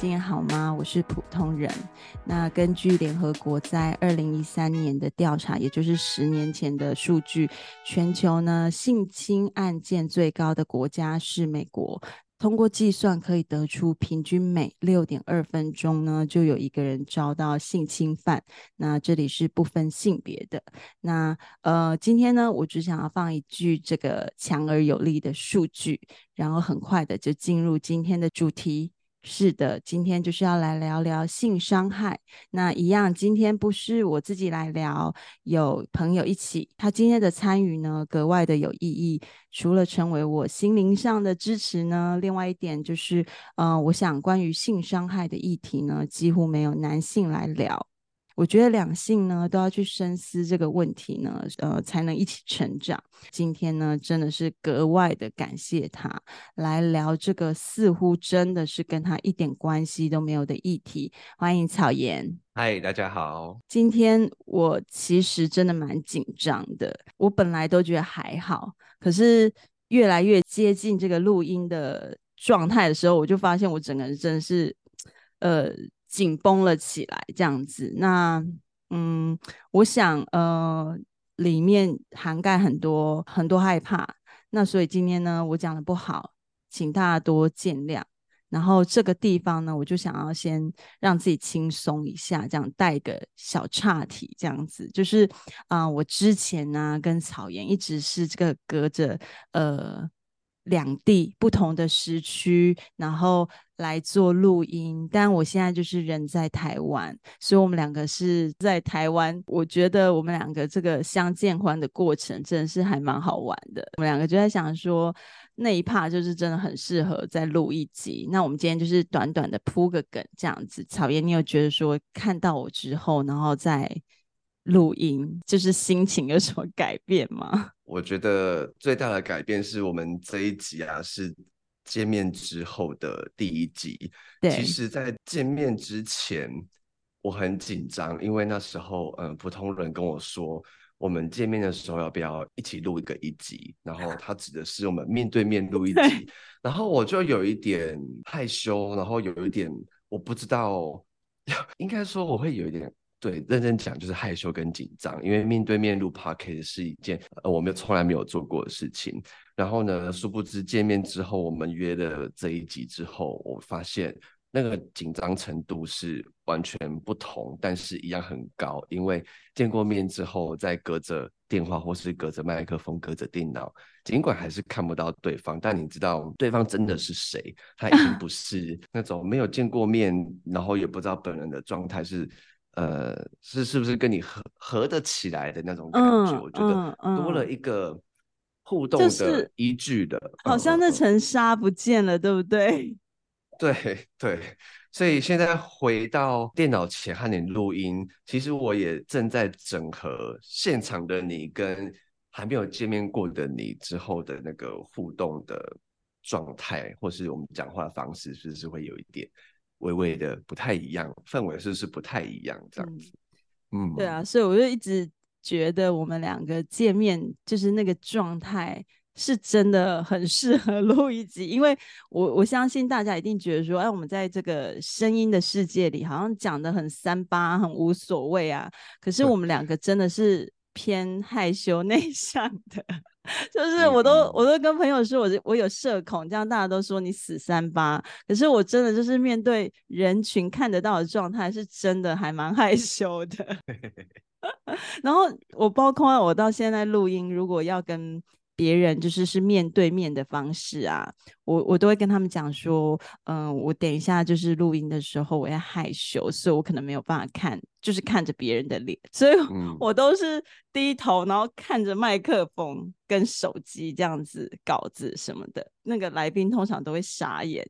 今天好嗎？我是普通人。那根據聯合國在二零一三年的調查，也就是十年前的數據，全球呢性侵案件最高的國家是美國。通過計算可以得出，平均每六點二分鐘呢就有一個人遭到性侵犯。那這裡是不分性別的。那呃，今天呢我只想要放一句這個強而有力的數據，然後很快的就進入今天的主題。是的，今天就是要來聊聊性傷害。那一樣，今天不是我自己來聊，有朋友一起，他今天的參與呢，格外的有意義。除了成為我心靈上的支持呢，另外一點就是，呃，我想關於性傷害的議題呢，幾乎沒有男性來聊。我覺得兩性呢都要去深思這個問題呢，呃，才能一起成長。今天呢，真的是格外的感謝他來聊這個似乎真的是跟他一點關係都沒有的議題。歡迎草顏。嗨，大家好。今天我其實真的蠻緊張的，我本來都覺得還好，可是越來越接近這個錄音的狀態的時候，我就發現我整個人真的是，呃。緊繃了起來，這樣子。那嗯，我想呃，裡面涵蓋很多很多害怕。那所以今天呢，我講得不好，請大家多見諒。然後這個地方呢，我就想要先讓自己輕鬆一下，這樣帶個小岔題，這樣子就是啊、呃，我之前呢跟草顏一直是這個隔着呃。兩地不同的時區，然後來做錄音。但我現在就是人在台灣，所以我們兩個是在台灣。我覺得我們兩個這個相見歡的過程真的是還蠻好玩的。我們兩個就在想說，那一趴就是真的很適合再錄一集。那我們今天就是短短的鋪個梗這樣子。草顏，你有覺得說看到我之後，然後再錄音，就是心情有什麼改變嗎？我覺得最大的改變是我們這一集啊，是見面之後的第一集。對。其實，在見面之前，我很緊張，因為那時候，嗯，普通人跟我說，我們見面的時候要不要一起錄一個一集？然後他指的是我們面對面錄一集。 然後我就有一點害羞，然後有一點我不知道，應該說我會有一點。對，認真講就是害羞跟緊張，因為面對面錄 podcast 是一件呃，我們從來沒有做過的事情。然後呢，殊不知見面之後，我們約了這一集之後，我發現那個緊張程度是完全不同，但是一樣很高。因為見過面之後，在隔着電話或是隔着麥克風、隔着電腦，儘管還是看不到對方，但你知道對方真的是誰，他已經不是那種沒有見過面，啊、然後也不知道本人的狀態是。呃，是是不是跟你合合得起來的那種感覺、嗯？我覺得多了一個互動的依據的，嗯嗯就是、好像那層紗不見了，對不對？嗯、對對，所以現在回到電腦前和你錄音，其實我也正在整合現場的你跟還沒有見面過的你之後的那個互動的狀態，或是我們講話的方式，是不是會有一點？微微的不太一樣，氛圍是是不太一樣？這樣子嗯，嗯，對啊，所以我就一直覺得我們兩個見面，就是那個狀態是真的很適合錄一集，因為我我相信大家一定覺得說，哎，我們在這個聲音的世界裡好像講的很三八，很無所謂啊。可是我們兩個真的是、嗯。偏害羞內向的，就是我都我都跟朋友說我，我我有社恐，這樣大家都說你死三八。可是我真的就是面對人群看得到的狀態，是真的還蠻害羞的。 然後我包括我到現在錄音，如果要跟。別人就是是面對面的方式啊，我我都會跟他們講說，嗯、呃，我等一下就是錄音的時候，我要害羞，所以我可能沒有辦法看，就是看着別人的臉，所以我都是低頭、嗯，然後看着麥克風跟手機這樣子，稿子什麼的，那個來賓通常都會傻眼，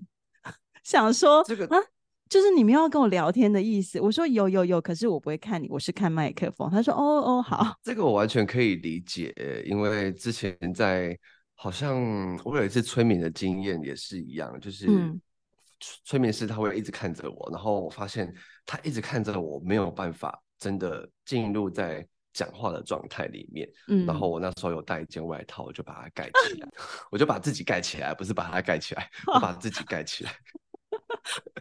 想說這個啊。就是你們要跟我聊天的意思。我說有有有，可是我不會看你，我是看麥克風。他說哦哦好。嗯，這個我完全可以理解，因為之前在好像我有一次催眠的經驗也是一樣，就是催眠師他會一直看着我。嗯，然後我發現他一直看着我，沒有辦法真的進入在講話的狀態裡面。嗯，然後我那時候有帶一件外套，我就把它蓋起來， 我就把自己蓋起來，不是把它蓋起來，我把自己蓋起來。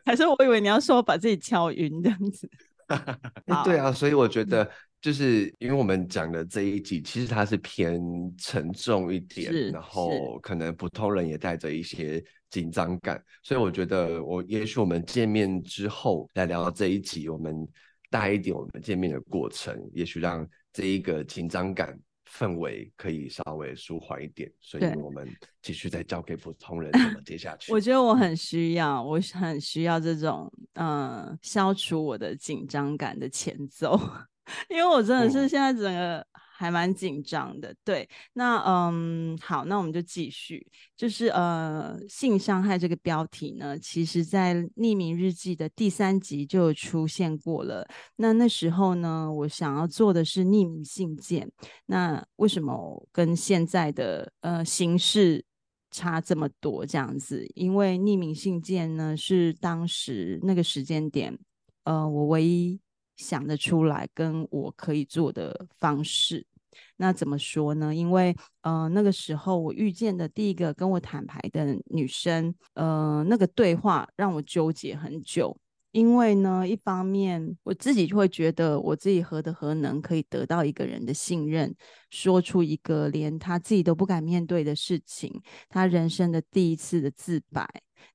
還是我以為你要說把自己敲暈這樣子， 對啊，所以我覺得就是因為我們講的這一集、嗯，其實它是偏沉重一點，然後可能普通人也帶着一些緊張感，所以我覺得我也許我們見面之後來聊到這一集，我們帶一點我們見面的過程，也許讓這一個緊張感。氛圍可以稍微舒緩一點，所以我們繼續再交給普通人怎麼接下去。 我覺得我很需要，我很需要這種嗯，消除我的緊張感的前奏， 因為我真的是現在整個。嗯還蠻緊張的，對，那嗯，好，那我們就繼續，就是呃，性傷害這個標題呢，其實在匿名日記的第三集就出現過了。那那時候呢，我想要做的是匿名信件，那為什麼跟現在的呃形式差這麼多這樣子？因為匿名信件呢，是當時那個時間點，呃，我唯一。想得出來跟我可以做的方式，那怎麼說呢？因為呃那個時候我遇見的第一個跟我坦白的女生，呃那個對話讓我糾結很久。因為呢，一方面我自己就會覺得我自己何德何能可以得到一個人的信任，說出一個連他自己都不敢面對的事情，他人生的第一次的自白。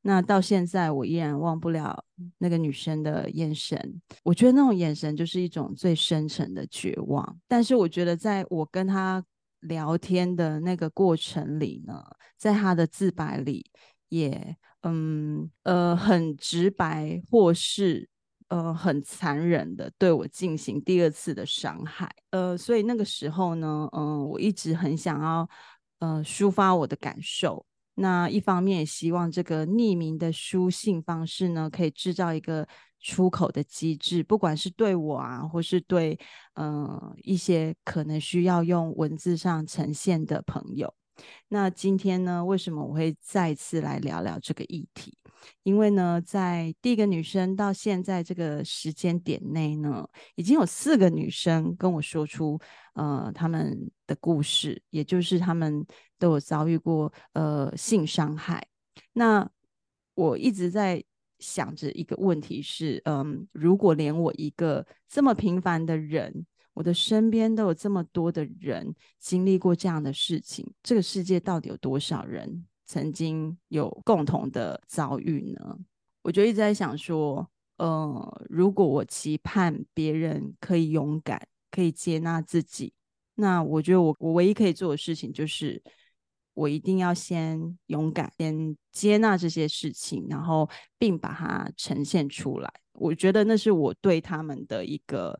那到現在，我依然忘不了那個女生的眼神。我覺得那種眼神就是一種最深沉的絕望。但是，我覺得在我跟她聊天的那個過程裡呢，在她的自白裡也，也嗯呃很直白，或是呃很殘忍的對我進行第二次的傷害。呃，所以那個時候呢，嗯、呃，我一直很想要呃抒發我的感受。那一方面也希望這個匿名的書信方式呢，可以製造一個出口的機制，不管是對我啊，或是對嗯、呃、一些可能需要用文字上呈現的朋友。那今天呢，為什麼我會再次來聊聊這個議題？因為呢，在第一個女生到現在這個時間點內呢，已經有四個女生跟我說出，呃，他們。故事，也就是他們都有遭遇過呃性傷害。那我一直在想着一個問題是，是嗯，如果連我一個這麼平凡的人，我的身邊都有這麼多的人經歷過這樣的事情，這個世界到底有多少人曾經有共同的遭遇呢？我就一直在想說，呃，如果我期盼別人可以勇敢，可以接納自己，那我覺得我我唯一可以做的事情就是，我一定要先勇敢，先接納這些事情，然後並把它呈現出來。我覺得那是我對他們的一個，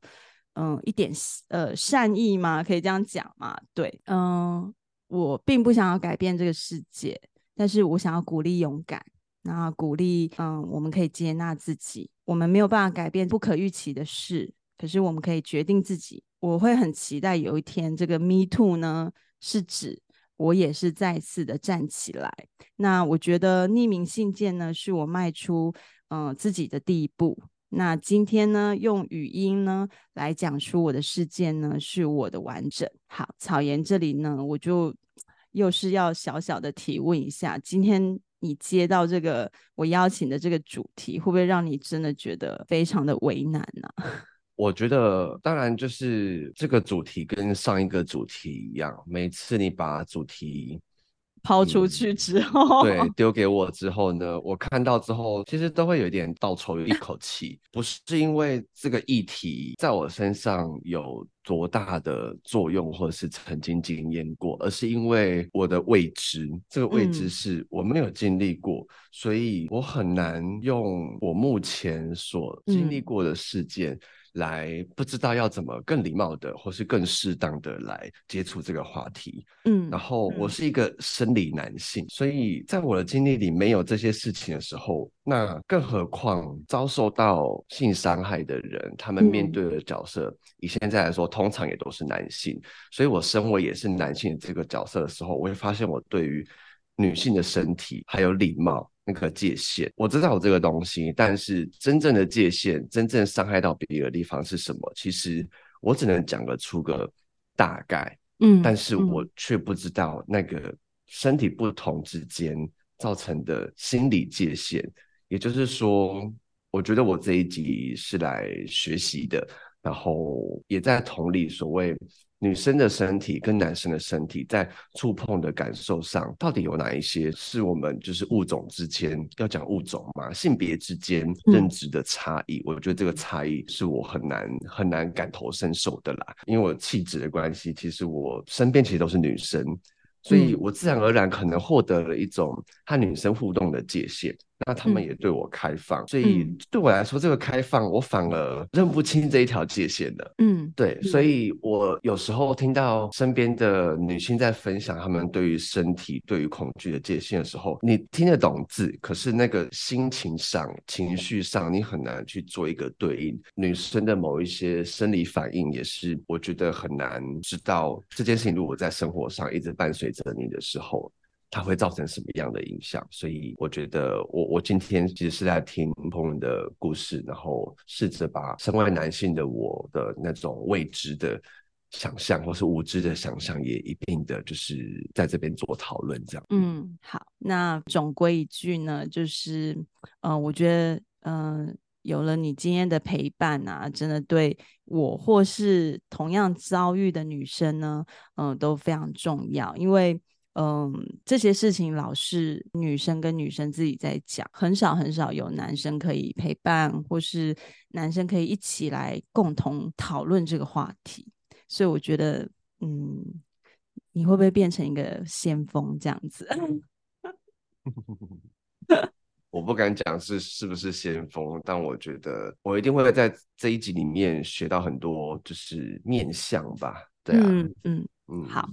嗯，一點呃善意嗎？可以這樣講嗎？對，嗯，我並不想要改變這個世界，但是我想要鼓勵勇敢，然後鼓勵，嗯，我們可以接納自己，我們沒有辦法改變不可預期的事，可是我們可以決定自己。我會很期待有一天，這個 Me Too 呢，是指我也是再次的站起來。那我覺得匿名信件呢，是我邁出嗯、呃、自己的第一步。那今天呢，用語音呢來講出我的事件呢，是我的完整。好，草顏這裡呢，我就又是要小小的提問一下：今天你接到這個我邀請的這個主題，會不會讓你真的覺得非常的為難呢、啊？我覺得，當然就是這個主題跟上一個主題一樣，每次你把主題拋出去之後、嗯，對，丟給我之後呢，我看到之後，其實都會有點倒抽一口氣。不是因為這個議題在我身上有多大的作用，或者是曾經經驗過，而是因為我的未知，這個未知是我沒有經歷過，嗯、所以我很難用我目前所經歷過的事件。嗯來不知道要怎麼更禮貌的，或是更適當的來接觸這個話題，嗯，然後我是一個生理男性，所以在我的經歷裡沒有這些事情的時候，那更何況遭受到性傷害的人，他們面對的角色，嗯，以現在來說，通常也都是男性，所以我身為也是男性這個角色的時候，我會發現我對於。女性的身體還有禮貌那個界限，我知道有這個東西，但是真正的界限，真正傷害到別人的地方是什麼？其實我只能講得出個大概，嗯，但是我卻不知道那個身體不同之間造成的心理界限。也就是說，我覺得我這一集是來學習的，然後也在同理所謂。女生的身體跟男生的身體在觸碰的感受上，到底有哪一些，是我們就是物種之間要講物種嘛？性別之間認知的差異，嗯，我覺得這個差異是我很難很難感同身受的啦，因為我氣質的關係，其實我身邊其實都是女生。所以，我自然而然可能獲得了一種和女生互動的界限，嗯、那她們也對我開放。嗯、所以，對我來說，這個開放，我反而認不清這一條界限了嗯。嗯，對。所以，我有時候聽到身邊的女性在分享她們對於身體、對於恐懼的界限的時候，你聽得懂字，可是那個心情上、情緒上，你很難去做一個對應。女生的某一些生理反應，也是我覺得很難知道這件事情，如果在生活上一直伴隨。責你的時候，它會造成什麼樣的影響？所以我覺得我，我我今天其實是在聽朋友的故事，然後試着把身外男性的我的那種未知的想象，或是無知的想象，也一併的，就是在這邊做討論。這樣，嗯，好。那總歸一句呢，就是，嗯、呃，我覺得，嗯、呃，有了你今天的陪伴啊，真的對。我或是同樣遭遇的女生呢，嗯、呃，都非常重要，因為嗯、呃，這些事情，老是女生跟女生自己在講，很少很少有男生可以陪伴，或是男生可以一起來共同討論這個話題，所以我覺得，嗯，你會不會變成一個先鋒這樣子？ 我不敢講是是不是先鋒，但我覺得我一定會在這一集裡面學到很多，就是面向吧。對啊，嗯嗯嗯，好，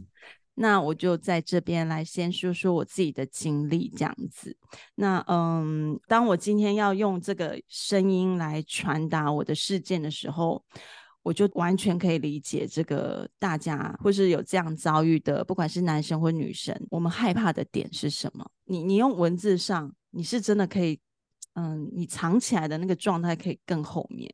那我就在這邊來先說說我自己的經歷，這樣子。那嗯，當我今天要用這個聲音來傳達我的事件的時候，我就完全可以理解這個大家或是有這樣遭遇的，不管是男生或女生，我們害怕的點是什麼？你你用文字上。你是真的可以，嗯，你藏起來的那個狀態可以更後面。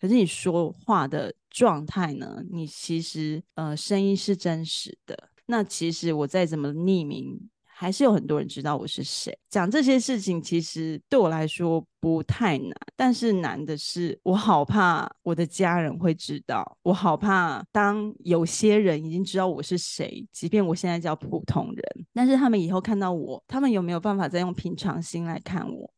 可是你說話的狀態呢？你其實呃，聲音是真實的。那其實我再怎麼匿名。還是有很多人知道我是誰。講這些事情，其實對我來說不太難，但是難的是，我好怕我的家人會知道。我好怕，當有些人已經知道我是誰，即便我現在叫普通人，但是他們以後看到我，他們有沒有辦法再用平常心來看我？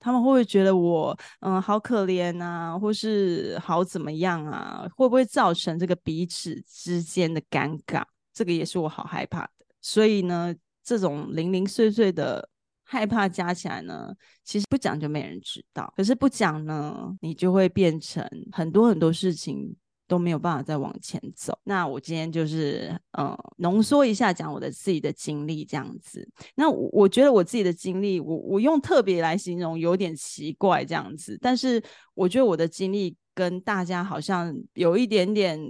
他們會不會覺得我，嗯，好可憐啊，或是好怎麼樣啊？會不會造成這個彼此之間的尷尬？這個也是我好害怕的。所以呢？這種零零碎碎的害怕加起來呢，其實不講就沒人知道。可是不講呢，你就會變成很多很多事情都沒有辦法再往前走。那我今天就是嗯、呃，濃縮一下講我的自己的經歷這樣子。那我我覺得我自己的經歷，我我用特別來形容有點奇怪這樣子，但是我覺得我的經歷跟大家好像有一點點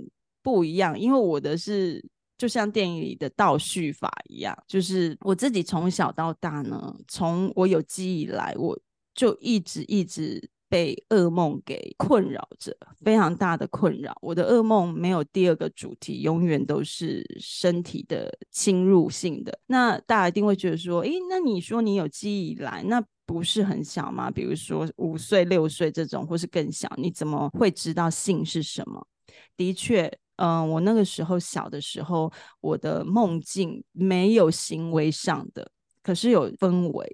不一樣，因為我的是。就像電影裡的倒敘法一樣，就是我自己從小到大呢，從我有記憶以來，我就一直一直被噩夢給困擾着，非常大的困擾。我的噩夢沒有第二個主題，永遠都是身體的侵入性的。那大家一定會覺得說，誒，那你說你有記憶以來，那不是很小嗎？比如說五歲、六歲這種，或是更小，你怎麼會知道性是什麼？的確。嗯、呃，我那個時候小的時候，我的夢境沒有行為上的，可是有氛圍，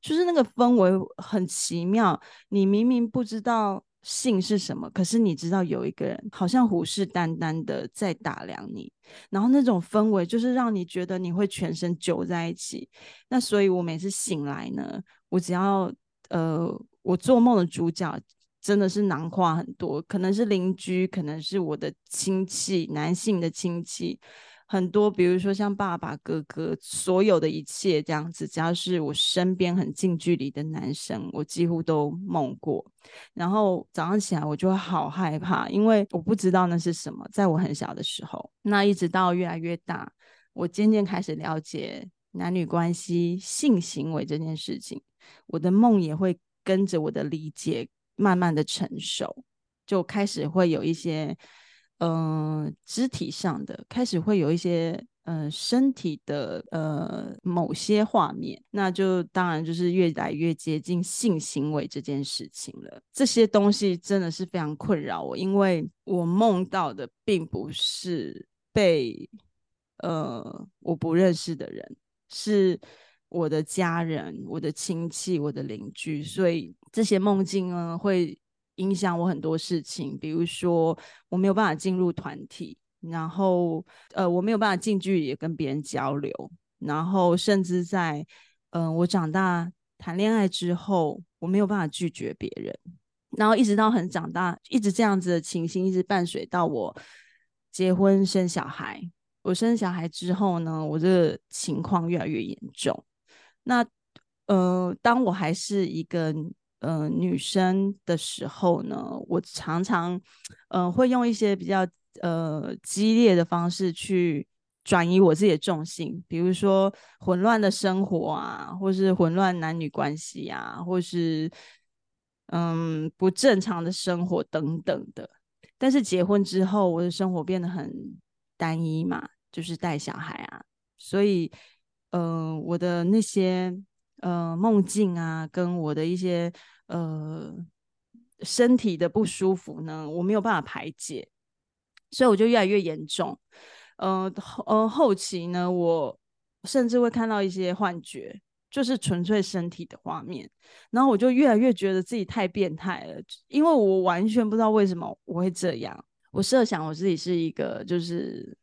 就是那個氛圍很奇妙。你明明不知道性是什麼，可是你知道有一個人好像虎視眈眈的在打量你，然後那種氛圍就是讓你覺得你會全身揪在一起。那所以我每次醒來呢，我只要呃，我做夢的主角。真的是囊括很多，可能是鄰居，可能是我的親戚，男性的親戚很多，比如說像爸爸、哥哥，所有的一切這樣子，只要是我身邊很近距離的男生，我幾乎都夢過。然後早上起來，我就會好害怕，因為我不知道那是什麼。在我很小的時候，那一直到越來越大，我漸漸開始了解男女關係、性行為這件事情，我的夢也會跟着我的理解。慢慢的成熟，就開始會有一些，嗯、呃，肢體上的，開始會有一些，嗯、呃，身體的，呃，某些畫面，那就當然就是越來越接近性行為這件事情了。這些東西真的是非常困擾我，因為我夢到的並不是被，呃，我不認識的人，是我的家人、我的親戚、我的鄰居，所以。這些夢境呢，會影響我很多事情，比如說我沒有辦法進入團體，然後呃，我沒有辦法近距離跟別人交流，然後甚至在嗯、呃，我長大談戀愛之後，我沒有辦法拒絕別人，然後一直到很長大，一直這樣子的情形一直伴隨到我結婚生小孩。我生小孩之後呢，我這個情況越來越嚴重。那呃，當我還是一個。呃，女生的時候呢，我常常，呃，會用一些比較呃激烈的方式去轉移我自己的重心，比如說混亂的生活啊，或是混亂男女關係啊，或是嗯，呃，不正常的生活等等的。但是結婚之後，我的生活變得很單一嘛，就是帶小孩啊，所以，嗯，呃，我的那些。呃，夢境啊，跟我的一些呃身體的不舒服呢，我沒有辦法排解，所以我就越來越嚴重。呃，後呃後期呢，我甚至會看到一些幻覺，就是純粹身體的畫面。然後我就越來越覺得自己太變態了，因為我完全不知道為什麼我會這樣。我設想我自己是一個，就是。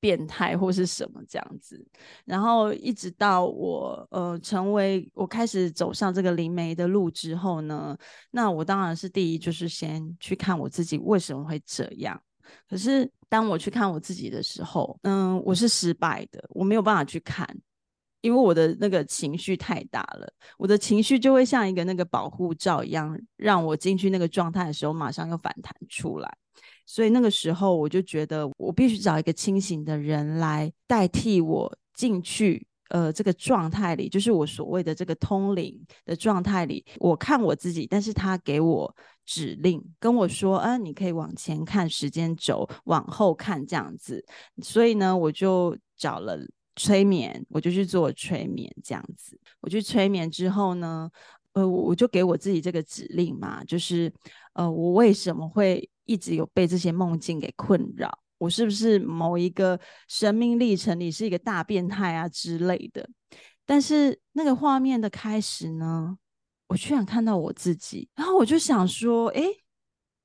變態或是什麼這樣子，然後一直到我呃成為我開始走上這個靈媒的路之後呢，那我當然是第一就是先去看我自己為什麼會這樣。可是當我去看我自己的時候，嗯、呃，我是失敗的，我沒有辦法去看，因為我的那個情緒太大了，我的情緒就會像一個那個保護罩一樣，讓我進去那個狀態的時候，馬上又反彈出來。所以那個時候，我就覺得我必須找一個清醒的人來代替我進去，呃，這個狀態裡，就是我所謂的這個通靈的狀態裡，我看我自己，但是他給我指令，跟我說，嗯、呃，你可以往前看時間軸，往後看這樣子。所以呢，我就找了催眠，我就去做催眠這樣子。我去催眠之後呢，呃，我就給我自己這個指令嘛，就是，呃，我為什麼會？一直有被這些夢境給困擾，我是不是某一個生命歷程裡是一個大變態啊之類的？但是那個畫面的開始呢，我居然看到我自己，然後我就想說，哎、欸，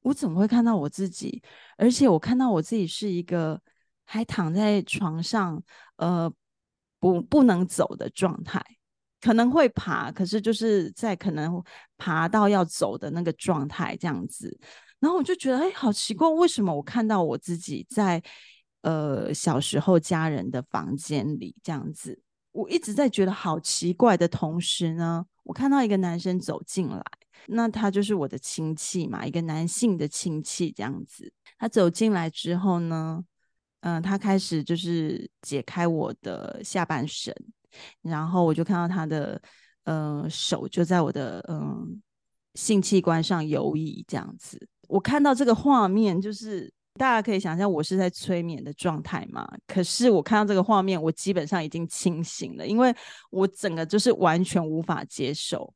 我怎麼會看到我自己？而且我看到我自己是一個還躺在床上，呃，不不能走的狀態，可能會爬，可是就是在可能爬到要走的那個狀態這樣子。然後我就覺得，哎、欸，好奇怪，為什麼我看到我自己在，呃，小時候家人的房間裡這樣子？我一直在覺得好奇怪的同時呢，我看到一個男生走進來，那他就是我的親戚嘛，一個男性的親戚這樣子。他走進來之後呢，嗯、呃，他開始就是解開我的下半身，然後我就看到他的，呃，手就在我的，嗯、呃，性器官上游移這樣子。我看到這個畫面，就是大家可以想象我是在催眠的狀態嘛。可是我看到這個畫面，我基本上已經清醒了，因為我整個就是完全無法接受。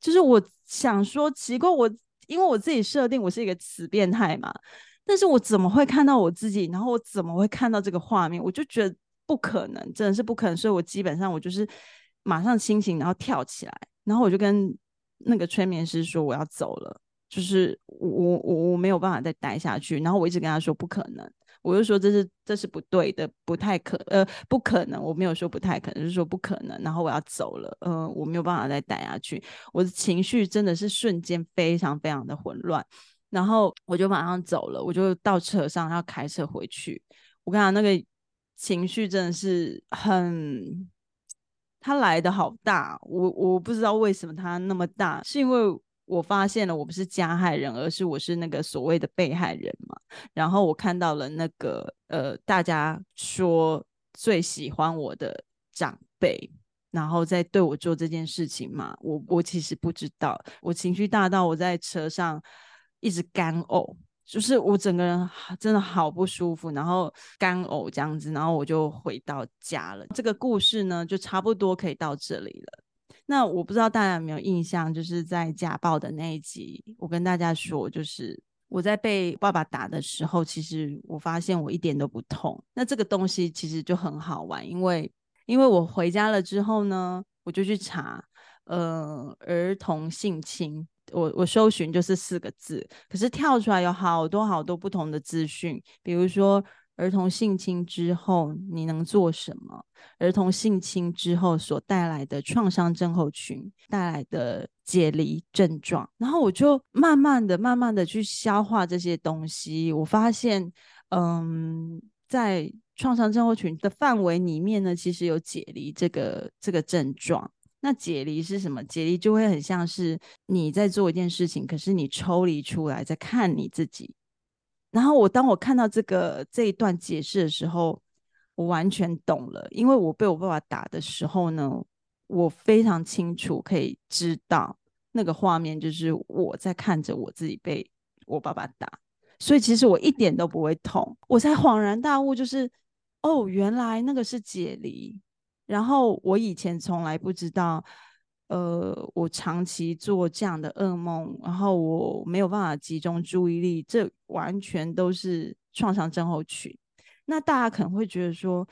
就是我想說，奇怪我，我因為我自己設定我是一個死變態嘛，但是我怎麼會看到我自己？然後我怎麼會看到這個畫面？我就覺得不可能，真的是不可能。所以我基本上我就是馬上清醒，然後跳起來，然後我就跟那個催眠師說我要走了。就是我我我沒有辦法再待下去，然後我一直跟他說不可能，我就說這是這是不對的，不太可呃不可能，我沒有說不太可能，就說不可能，然後我要走了，呃我沒有辦法再待下去，我的情緒真的是瞬間非常非常的混亂，然後我就馬上走了，我就到車上要開車回去，我跟他那個情緒真的是很，他來得好大，我我不知道為什麼他那麼大，是因為。我發現了，我不是加害人，而是我是那個所謂的被害人嘛。然後我看到了那個呃，大家說最喜歡我的長輩，然後在對我做這件事情嘛。我我其實不知道，我情緒大到我在車上一直乾嘔，就是我整個人真的好不舒服，然後乾嘔這樣子，然後我就回到家了。這個故事呢，就差不多可以到這裡了。那我不知道大家有沒有印象，就是在家暴的那一集，我跟大家說，就是我在被爸爸打的時候，其實我發現我一點都不痛。那這個東西其實就很好玩，因為因為我回家了之後呢，我就去查，呃，兒童性侵，我我搜尋就是四個字，可是跳出來有好多好多不同的資訊，比如說。兒童性侵之後，你能做什麼？兒童性侵之後所帶來的創傷症候群帶來的解離症狀，然後我就慢慢的、慢慢的去消化這些東西。我發現，嗯，在創傷症候群的範圍裡面呢，其實有解離這個這個症狀。那解離是什麼？解離就會很像是你在做一件事情，可是你抽離出來在看你自己。然後我當我看到這個這一段解釋的時候，我完全懂了。因為我被我爸爸打的時候呢，我非常清楚可以知道那個畫面就是我在看着我自己被我爸爸打，所以其實我一點都不會痛。我才恍然大悟，就是哦，原來那個是解離。然後我以前從來不知道。呃，我長期做這樣的噩夢，然後我沒有辦法集中注意力，這完全都是創傷症候群。那大家可能會覺得說，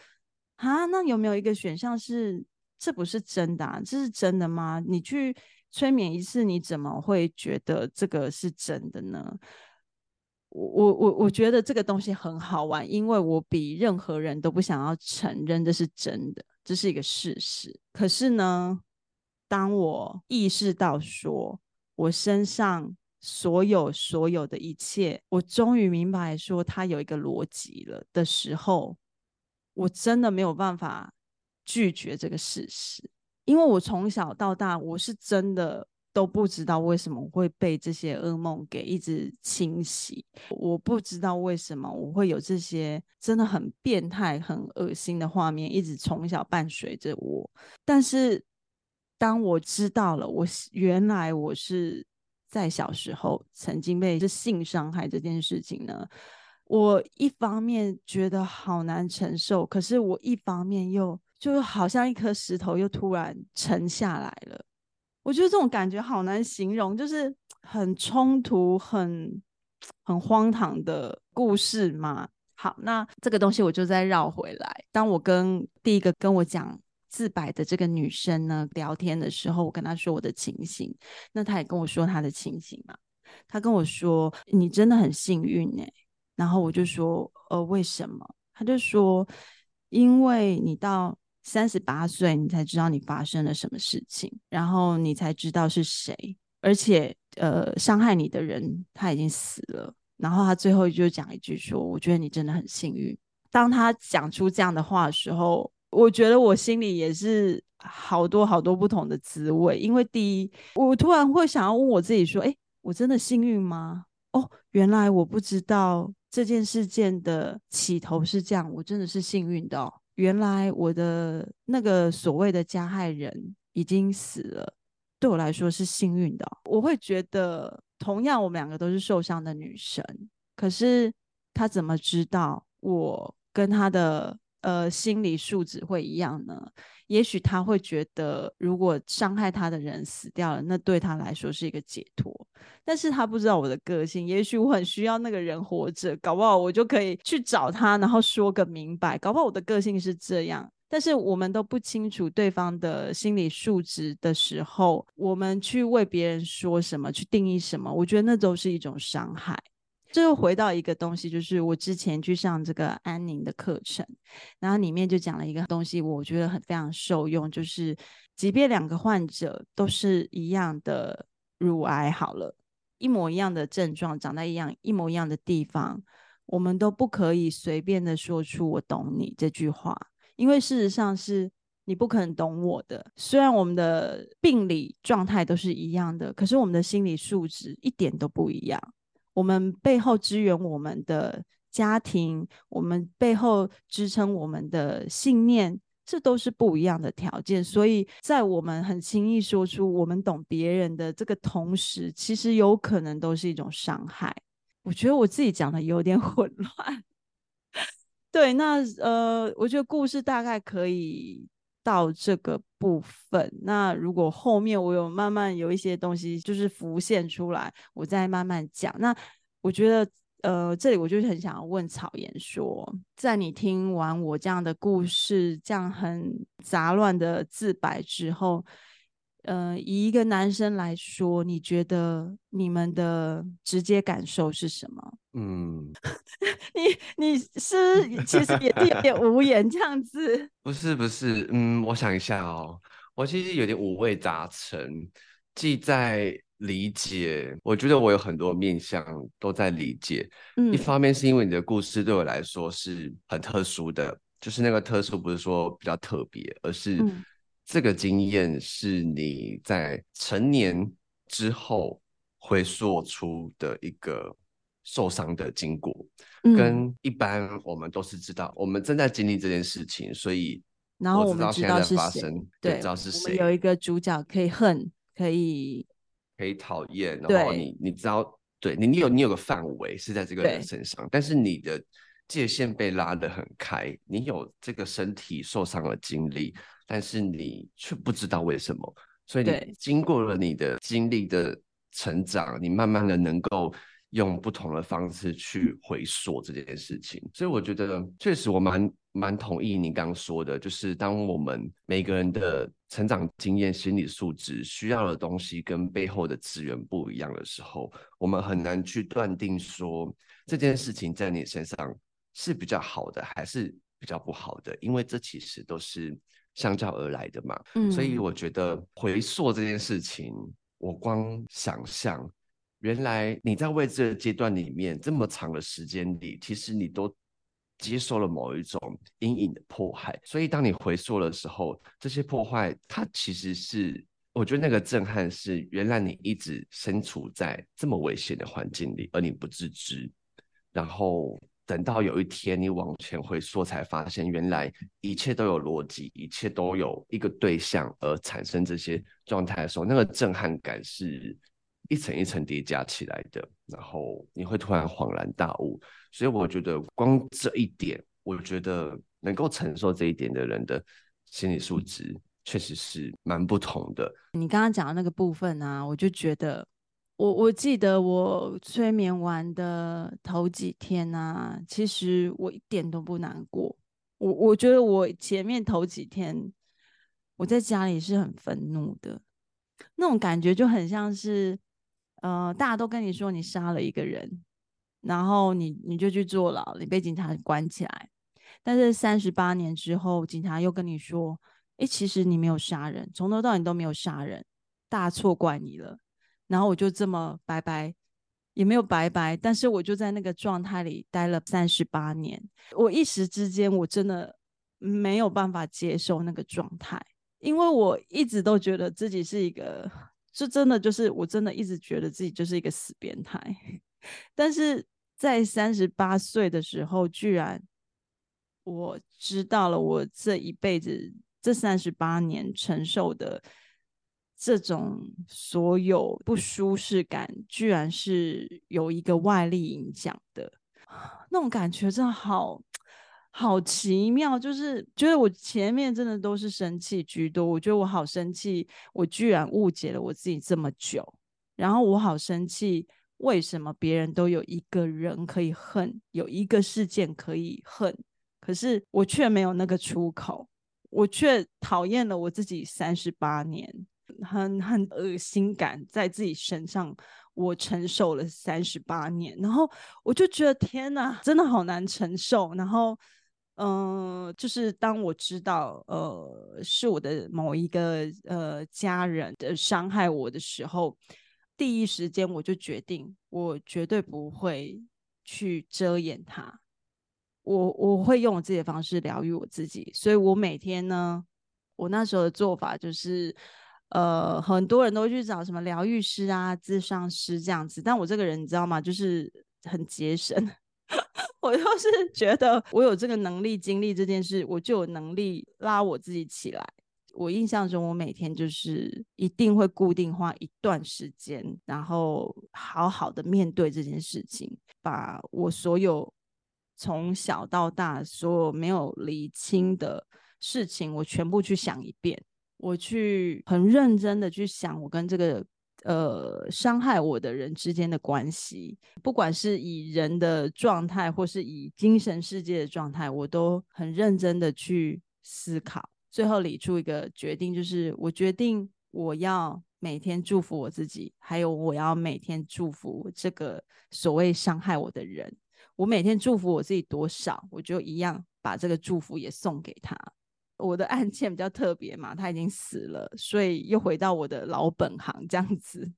啊，那有沒有一個選項是，這不是真的，啊，這是真的嗎？你去催眠一次，你怎麼會覺得這個是真的呢？我我我我覺得這個東西很好玩，因為我比任何人都不想要承認這是真的，這是一個事實。可是呢，當我意識到說，我身上所有所有的一切，我終於明白說，它有一個邏輯了的時候，我真的沒有辦法拒絕這個事實，因為我從小到大，我是真的都不知道為什麼會被這些噩夢給一直侵襲，我不知道為什麼我會有這些真的很變態、很惡心的畫面一直從小伴隨着我，但是。當我知道了，我原來我是在小時候曾經被是性傷害這件事情呢，我一方面覺得好難承受，可是我一方面又就是好像一顆石頭又突然沉下來了，我覺得這種感覺好難形容，就是很衝突、很很荒唐的故事嘛。好，那這個東西我就再繞回來。當我跟第一個跟我講。四百的這個女生呢，聊天的時候，我跟她說我的情形，那她也跟我說她的情形嘛。她跟我說：“你真的很幸運欸。”然後我就說：“呃，為什麼？”她就說：“因為你到三十八歲，你才知道你發生了什麼事情，然後你才知道是誰，而且呃，傷害你的人他已經死了。”然後他最後就講一句說：“我覺得你真的很幸運。”當他講出這樣的話的時候。我覺得我心裡也是好多好多不同的滋味，因為第一，我突然會想要問我自己說：“哎，我真的幸運嗎？”哦，原來我不知道這件事件的起頭是這樣，我真的是幸運的哦。原來我的那個所謂的加害人已經死了，對我來說是幸運的哦。我會覺得，同樣我們兩個都是受傷的女神，可是她怎麼知道我跟她的？呃，心理素質會一樣呢？也許他會覺得，如果傷害他的人死掉了，那對他來說是一個解脫。但是他不知道我的個性，也許我很需要那個人活着，搞不好我就可以去找他，然後說個明白。搞不好我的個性是這樣，但是我們都不清楚對方的心理素質的時候，我們去為別人說什麼，去定義什麼，我覺得那都是一種傷害。最後回到一個東西，就是我之前去上這個安寧的課程，然後裡面就講了一個東西，我覺得很非常受用，就是即便兩個患者，都是一樣的乳癌好了，一模一樣的症狀，長在一樣一模一樣的地方，我們都不可以隨便的說出“我懂你”這句話，因為事實上是你不可能懂我的。雖然我們的病理狀態都是一樣的，可是我們的心理素質一點都不一樣。我們背後支援我們的家庭，我們背後支撐我們的信念，這都是不一樣的條件。所以在我們很輕易說出我們懂別人的這個同時，其實有可能都是一種傷害。我覺得我自己講的有點混亂。 對，那呃，我覺得故事大概可以。到這個部分，那如果後面我有慢慢有一些東西就是浮現出來，我再慢慢講。那我覺得，呃，這裡我就是很想要問草顏說，在你聽完我這樣的故事，這樣很雜亂的自白之後。呃，以一個男生來說，你覺得你們的直接感受是什麼？嗯， 你你是其實也有點無言這樣子。 不是不是，嗯，我想一下哦，我其實有點五味雜陳，既在理解，我覺得我有很多面向都在理解，嗯。一方面是因為你的故事對我來說是很特殊的，就是那個特殊不是說比較特別，而是，嗯。這個經驗是你在成年之後會做出的一個受傷的經過，嗯，跟一般我們都是知道，我們正在經歷這件事情，所以然後我們知道現在發生，對，知道是誰，有一個主角可以恨，可以可以討厭，然後你對你知道，對你你有你有個範圍是在這個人身上，但是你的界限被拉得很開，你有這個身體受傷的經歷。但是你卻不知道為什麼，所以你經過了你的經歷的成長，你慢慢的能夠用不同的方式去回溯這件事情。所以我覺得，確實我蠻蠻同意你剛剛說的，就是當我們每個人的成長經驗、心理素質需要的東西跟背後的資源不一樣的時候，我們很難去斷定說這件事情在你身上是比較好的還是比較不好的，因為這其實都是。相較而來的嘛，嗯，所以我覺得回溯這件事情，我光想象，原來你在未知的階段裡面這麼長的時間裡，其實你都接受了某一種陰影的破壞。所以當你回溯的時候，這些破壞它其實是，我覺得那個震撼是，原來你一直身處在這麼危險的環境裡，而你不自知，然後。等到有一天你往前回溯，才發現原來一切都有邏輯，一切都有一個對象而產生這些狀態的時候，那個震撼感是一層一層疊加起來的，然後你會突然恍然大悟。所以我覺得光這一點，我覺得能夠承受這一點的人的心理素質確實是蠻不同的。你剛剛講的那個部分呢、啊，我就覺得。我我記得我催眠完的頭幾天吶，其實我一點都不難過。我我覺得我前面頭幾天我在家裡是很憤怒的，那種感覺就很像是，呃，大家都跟你說你殺了一個人，然後你你就去坐牢，你被警察關起來。但是三十八年之後，警察又跟你說，欸，其實你沒有殺人，從頭到尾都沒有殺人，大錯怪你了。然後我就這麼拜拜，也沒有拜拜，但是我就在那個狀態裡待了三十八年。我一時之間，我真的沒有辦法接受那個狀態，因為我一直都覺得自己是一個，就真的就是，我真的一直覺得自己就是一個死變態。但是在三十八歲的時候，居然我知道了，我這一輩子這三十八年承受的，這種所有不舒適感，居然是有一個外力影響的，那種感覺真的好好奇妙。就是覺得我前面真的都是生氣居多，我覺得我好生氣，我居然誤解了我自己這麼久，然後我好生氣，為什麼別人都有一個人可以恨，有一個事件可以恨，可是我卻沒有那個出口，我卻討厭了我自己三十八年。很很惡心感在自己身上，我承受了三十八年，然後我就覺得天哪，真的好難承受。然後，嗯、呃，就是當我知道，呃，是我的某一個呃家人的傷害我的時候，第一時間我就決定，我絕對不會去遮掩他，我我會用我自己的方式療癒我自己。所以，我每天呢，我那時候的做法就是。呃，很多人都去找什麼療癒師啊、諮商師這樣子，但我這個人你知道嗎？就是很節省， 我就是覺得我有這個能力經歷這件事，我就有能力拉我自己起來。我印象中，我每天就是一定會固定花一段時間，然後好好的面對這件事情，把我所有從小到大所有沒有理清的事情，我全部去想一遍。我去很認真的去想我跟這個呃傷害我的人之間的關係，不管是以人的狀態，或是以精神世界的狀態，我都很認真的去思考。嗯。最後理出一個決定，就是我決定我要每天祝福我自己，還有我要每天祝福這個所謂傷害我的人。我每天祝福我自己多少，我就一樣把這個祝福也送給他。我的案件比較特別嘛，他已經死了，所以又回到我的老本行這樣子。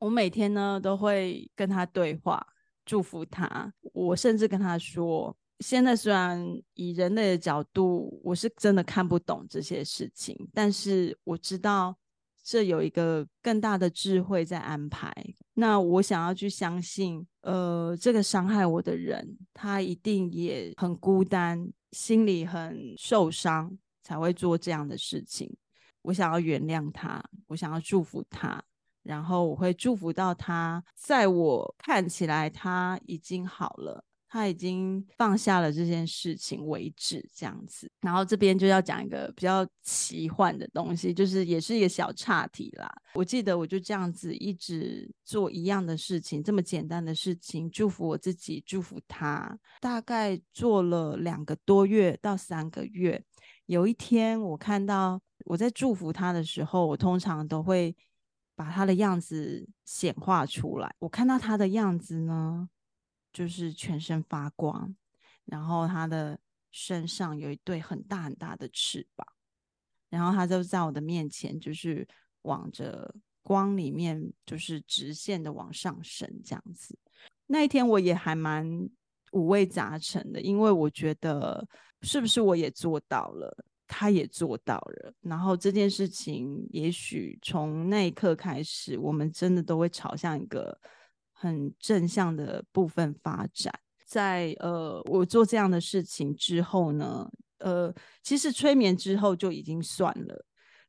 我每天呢都會跟他對話，祝福他。我甚至跟他說，現在雖然以人類的角度，我是真的看不懂這些事情，但是我知道這有一個更大的智慧在安排。那我想要去相信，呃，這個傷害我的人，他一定也很孤單，心裡很受傷，才會做這樣的事情。我想要原諒他，我想要祝福他，然後我會祝福到他，在我看起來他已經好了，他已經放下了這件事情為止。這樣子，然後這邊就要講一個比較奇幻的東西，就是也是一個小岔題啦。我記得我就這樣子一直做一樣的事情，這麼簡單的事情，祝福我自己，祝福他，大概做了兩個多月到三個月。有一天，我看到我在祝福他的時候，我通常都會把他的樣子顯化出來。我看到他的樣子呢，就是全身發光，然後他的身上有一對很大很大的翅膀，然後他就在我的面前，就是往着光裡面，就是直線的往上升這樣子。那一天我也還蠻五味雜陳的，因為我覺得。是不是我也做到了？他也做到了。然後這件事情，也許從那一刻開始，我們真的都會朝向一個很正向的部分發展。在呃，我做這樣的事情之後呢，呃，其實催眠之後就已經算了。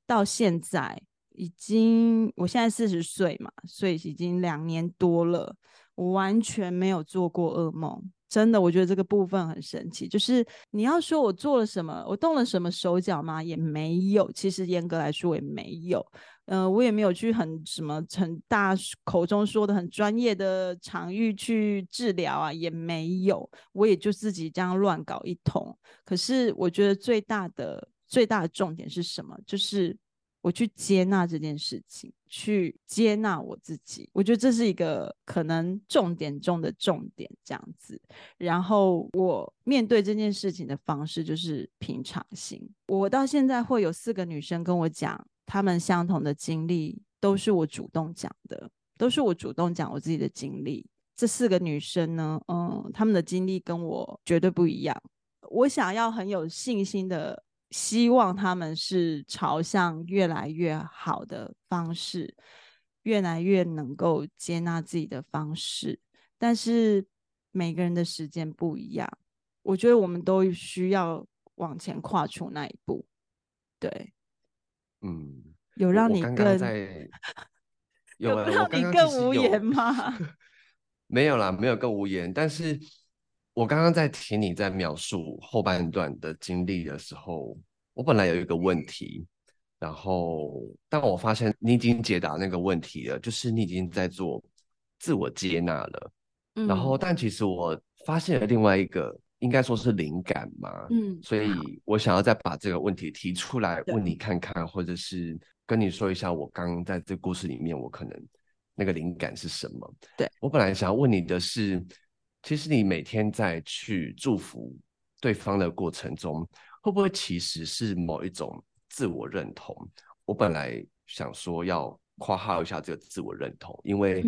到現在已經，我現在四十歲嘛，所以已經兩年多了，我完全沒有做過噩夢。真的，我覺得這個部分很神奇，就是你要說我做了什麼，我動了什麼手腳嗎？也沒有，其實嚴格來說也沒有。嗯、呃，我也沒有去很什麼很大口中說的很專業的場域去治療啊，也沒有，我也就自己這樣亂搞一通。可是我覺得最大的最大的重點是什麼？就是。我去接納這件事情，去接納我自己，我覺得這是一個可能重點中的重點這樣子。然後我面對這件事情的方式就是平常心。我到現在會有四個女生跟我講，他們相同的經歷，都是我主動講的，都是我主動講我自己的經歷。這四個女生呢，嗯，他們的經歷跟我絕對不一樣。我想要很有信心的。希望他們是朝向越來越好的方式，越來越能夠接納自己的方式。但是每個人的時間不一樣，我覺得我們都需要往前跨出那一步。對，嗯，有讓你更，剛剛在 有有讓你更無言嗎？ 沒有啦，沒有更無言，但是。我剛剛在聽你在描述後半段的經歷的時候，我本來有一個問題，然後但我發現你已經解答那個問題了，就是你已經在做自我接納了。嗯。然後，但其實我發現了另外一個，應該說是靈感嘛。嗯。所以我想要再把這個問題提出來問你看看，或者是跟你說一下，我剛剛在這個故事裡面，我可能那個靈感是什麼？對。我本來想要問你的是。其實你每天在去祝福對方的過程中，會不會其實是某一種自我認同？我本來想說要括號一下這個自我認同，因為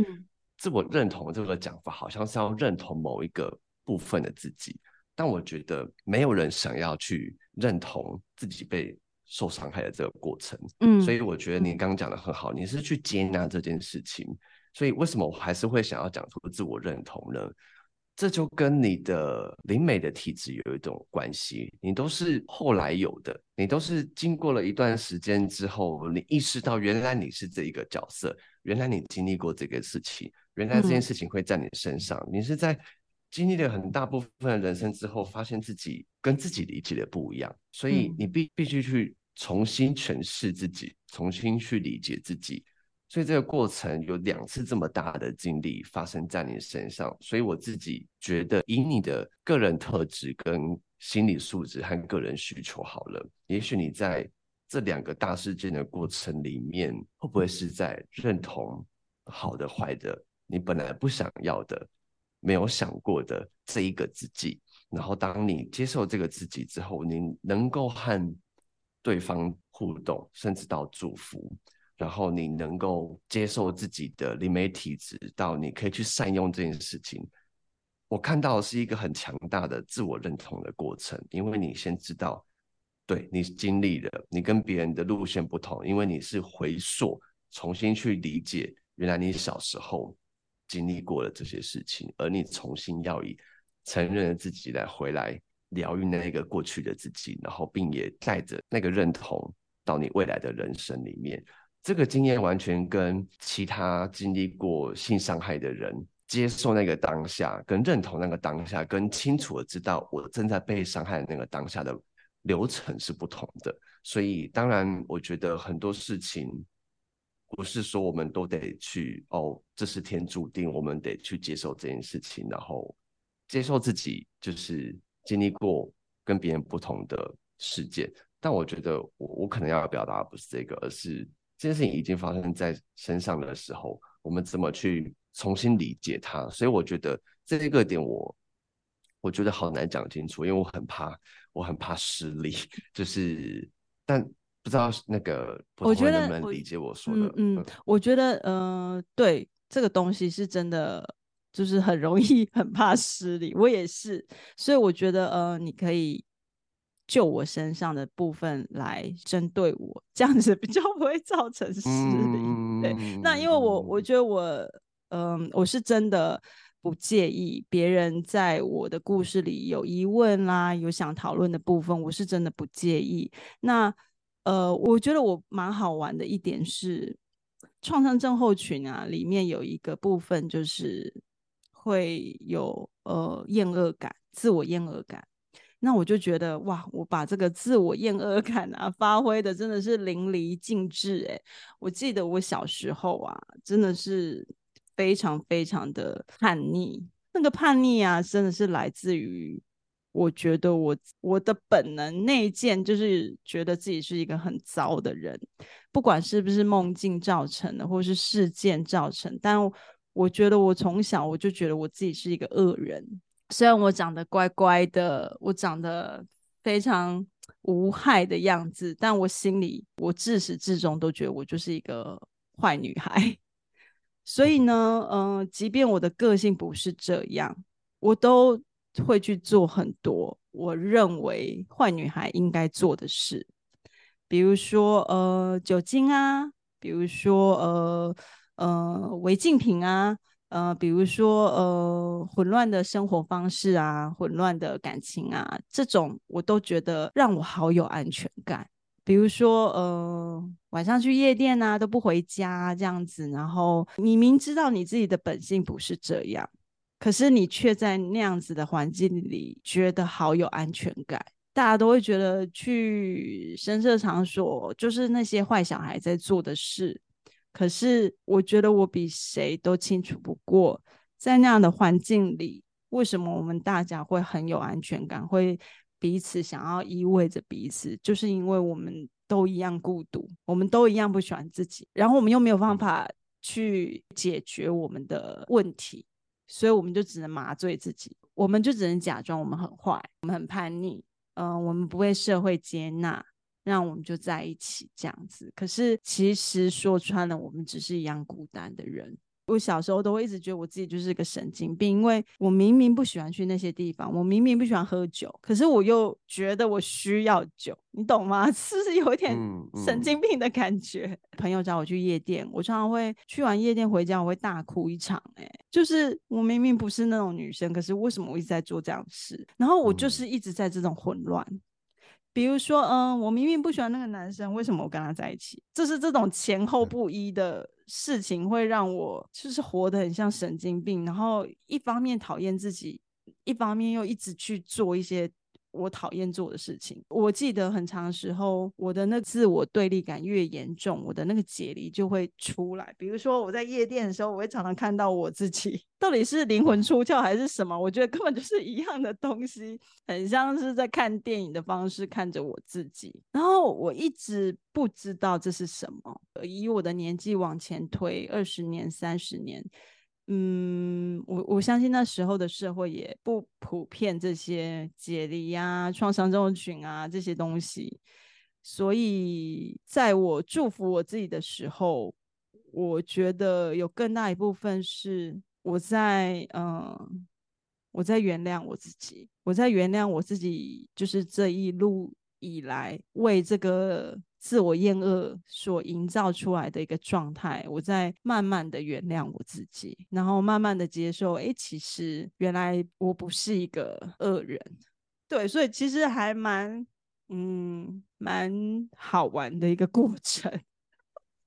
自我認同這個講法好像是要認同某一個部分的自己，但我覺得沒有人想要去認同自己被受傷害的這個過程。所以我覺得你剛剛講得很好，你是去接納這件事情。所以為什麼我還是會想要講出自我認同呢？這就跟你的靈媒的體質有一種關係，你都是後來有的，你都是經過了一段時間之後，你意識到原來你是這一個角色，原來你經歷過這個事情，原來這件事情會在你身上，嗯、你是在經歷了很大部分的人生之後，發現自己跟自己理解的不一樣，所以你必必須去重新詮釋自己，重新去理解自己。所以這個過程有兩次這麼大的經歷發生在你身上，所以我自己覺得，以你的個人特質、跟心理素質和個人需求，好了，也許你在這兩個大事件的過程裡面，會不會是在認同好的、壞的、你本來不想要的、沒有想過的這一個自己？然後當你接受這個自己之後，你能夠和對方互動，甚至到祝福。然後你能夠接受自己的靈媒體質，到你可以去善用這件事情。我看到的是一個很強大的自我認同的過程，因為你先知道，對，你經歷了你跟別人的路線不同，因為你是回溯，重新去理解原來你小時候經歷過的這些事情，而你重新要以承認自己來回來療癒那個過去的自己，然後並也帶着那個認同到你未來的人生裡面。這個經驗完全跟其他經歷過性傷害的人接受那個當下，跟認同那個當下，跟清楚的知道我正在被傷害的那個當下的流程是不同的。所以，當然，我覺得很多事情不是說我們都得去哦，這是天注定，我們得去接受這件事情，然後接受自己就是經歷過跟別人不同的世界。但我覺得我，我我可能要表達的不是這個，而是。這件事情已經發生在身上的時候，我們怎麼去重新理解它？所以我覺得這個點我，我我覺得好難講清楚，因為我很怕，我很怕失禮，就是，但不知道那個，我覺得能不能理解我說的？嗯，嗯，我覺得，嗯、呃，對，這個東西是真的，就是很容易很怕失禮，我也是，所以我覺得，呃，你可以。就我身上的部分來針對我，這樣子比較不會造成失靈。對，那因為我我覺得我，嗯、呃，我是真的不介意別人在我的故事裡有疑問啦，有想討論的部分，我是真的不介意。那呃，我覺得我蠻好玩的一點是，創傷症候群啊，裡面有一個部分就是會有呃厭惡感，自我厭惡感。那我就覺得哇，我把這個自我厭惡感啊發揮的真的是淋漓盡致誒，我記得我小時候啊，真的是非常非常的叛逆，那個叛逆啊，真的是來自於我覺得我我的本能內建，就是覺得自己是一個很糟的人，不管是不是夢境造成的，或是事件造成，但我，我覺得我從小我就覺得我自己是一個惡人。雖然我長得乖乖的，我長得非常無害的樣子，但我心裡，我自始至終都覺得我就是一個壞女孩。 所以呢，嗯、呃，即便我的個性不是這樣，我都會去做很多我認為壞女孩應該做的事，比如說呃酒精啊，比如說呃呃違禁品啊。呃，比如說，呃，混亂的生活方式啊，混亂的感情啊，這種我都覺得讓我好有安全感。比如說，呃，晚上去夜店啊，都不回家、啊、這樣子，然後你明知道你自己的本性不是這樣，可是你卻在那樣子的環境裡覺得好有安全感。大家都會覺得去聲色場所就是那些壞小孩在做的事。可是，我覺得我比誰都清楚不過，在那樣的環境裡，為什麼我們大家會很有安全感，會彼此想要依偎着彼此？就是因為我們都一樣孤獨，我們都一樣不喜歡自己，然後我們又沒有辦法去解決我們的問題，所以我們就只能麻醉自己，我們就只能假裝我們很壞，我們很叛逆，嗯、呃，我們不被社會接納。讓我們就在一起這樣子，可是其實說穿了，我們只是一樣孤單的人。我小時候都會一直覺得我自己就是一個神經病，因為我明明不喜歡去那些地方，我明明不喜歡喝酒，可是我又覺得我需要酒，你懂嗎？是不是有一點神經病的感覺？朋友找我去夜店，我常常會去完夜店回家，我會大哭一場。哎，就是我明明不是那種女生，可是為什麼我一直在做這樣的事？然後我就是一直在這種混亂。比如說，嗯，我明明不喜歡那個男生，為什麼我跟他在一起？就是這種前後不一的事情，會讓我就是活得很像神經病。然後一方面討厭自己，一方面又一直去做一些我討厭做的事情，我記得很長時候，我的那自我對立感越嚴重，我的那個解離就會出來。比如說我在夜店的時候，我會常常看到我自己，到底是靈魂出竅還是什麼？我覺得根本就是一樣的東西，很像是在看電影的方式看着我自己。然後我一直不知道這是什麼，以我的年紀往前推二十年、三十年。嗯，我我相信那時候的社會也不普遍這些解離呀、啊、創傷症候群啊，這些東西，所以在我祝福我自己的時候，我覺得有更大一部分是我在嗯、呃，我在原諒我自己，我在原諒我自己，就是這一路以來為這個。自我厭惡所營造出來的一個狀態，我在慢慢的原諒我自己，然後慢慢的接受，哎，其實原來我不是一個惡人，對，所以其實還蠻，嗯，蠻好玩的一個過程。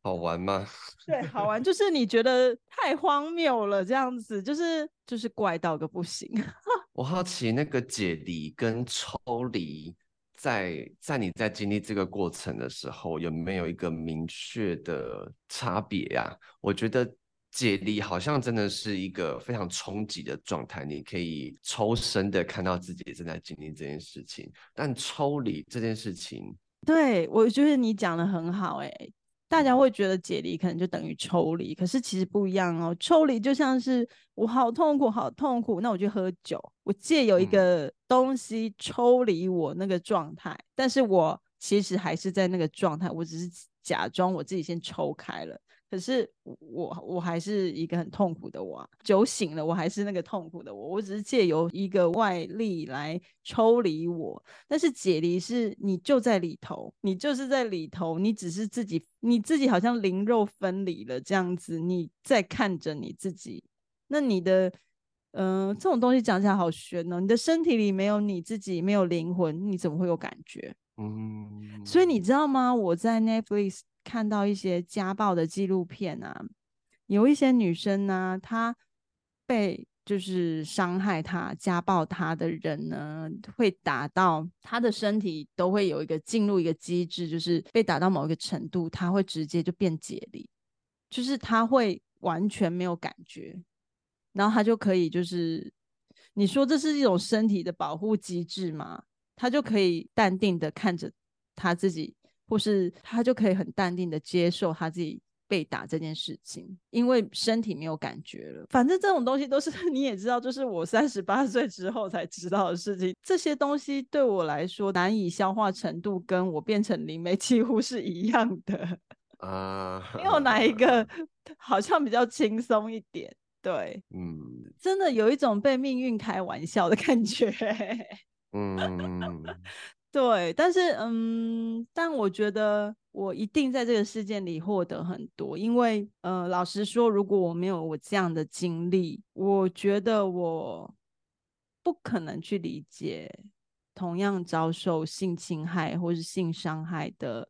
好玩嗎？ 對，好玩，就是你覺得太荒謬了，這樣子，就是就是怪到個不行。 我好奇那個解離跟抽離。在在你在經歷這個過程的時候，有沒有一個明確的差別呀？啊？我覺得解離好像真的是一個非常衝擊的狀態，你可以抽身的看到自己正在經歷這件事情，但抽離這件事情，對，我覺得你講的很好，欸，哎。大家會覺得解離可能就等於抽離，可是其實不一樣哦。抽離就像是我好痛苦，好痛苦，那我去喝酒，我借由一個東西抽離我那個狀態，嗯，但是我其實還是在那個狀態，我只是假裝我自己先抽開了。可是我我還是一個很痛苦的我，酒醒了我還是那個痛苦的我，我只是借由一個外力來抽離我。但是解離是你就在裡頭，你就是在裡頭，你只是自己，你自己好像靈肉分離了這樣子，你在看着你自己。那你的，嗯、呃，這種東西講起來好玄哦、喔。你的身體裡沒有你自己，沒有靈魂，你怎麼會有感覺？嗯。所以你知道嗎？我在 Netflix。看到一些家暴的紀錄片啊，有一些女生呢、啊，她被就是傷害她、家暴她的人呢，會打到她的身體都會有一個進入一個機制，就是被打到某一個程度，她會直接就變解離，就是她會完全沒有感覺，然後她就可以就是你說這是一種身體的保護機制嘛，她就可以淡定的看着她自己。或是他就可以很淡定的接受他自己被打這件事情，因為身體沒有感覺了。反正這種東西都是你也知道，就是我三十八歲之後才知道的事情。這些東西對我來說難以消化程度，跟我變成靈媒幾乎是一樣的。啊、uh...，沒有哪一個好像比較輕鬆一點。對，嗯、mm.，真的有一種被命運開玩笑的感覺。嗯、mm. 對，但是嗯，但我覺得我一定在這個事件裡獲得很多，因為呃，老實說，如果我沒有我這樣的經歷，我覺得我不可能去理解同樣遭受性侵害或是性傷害的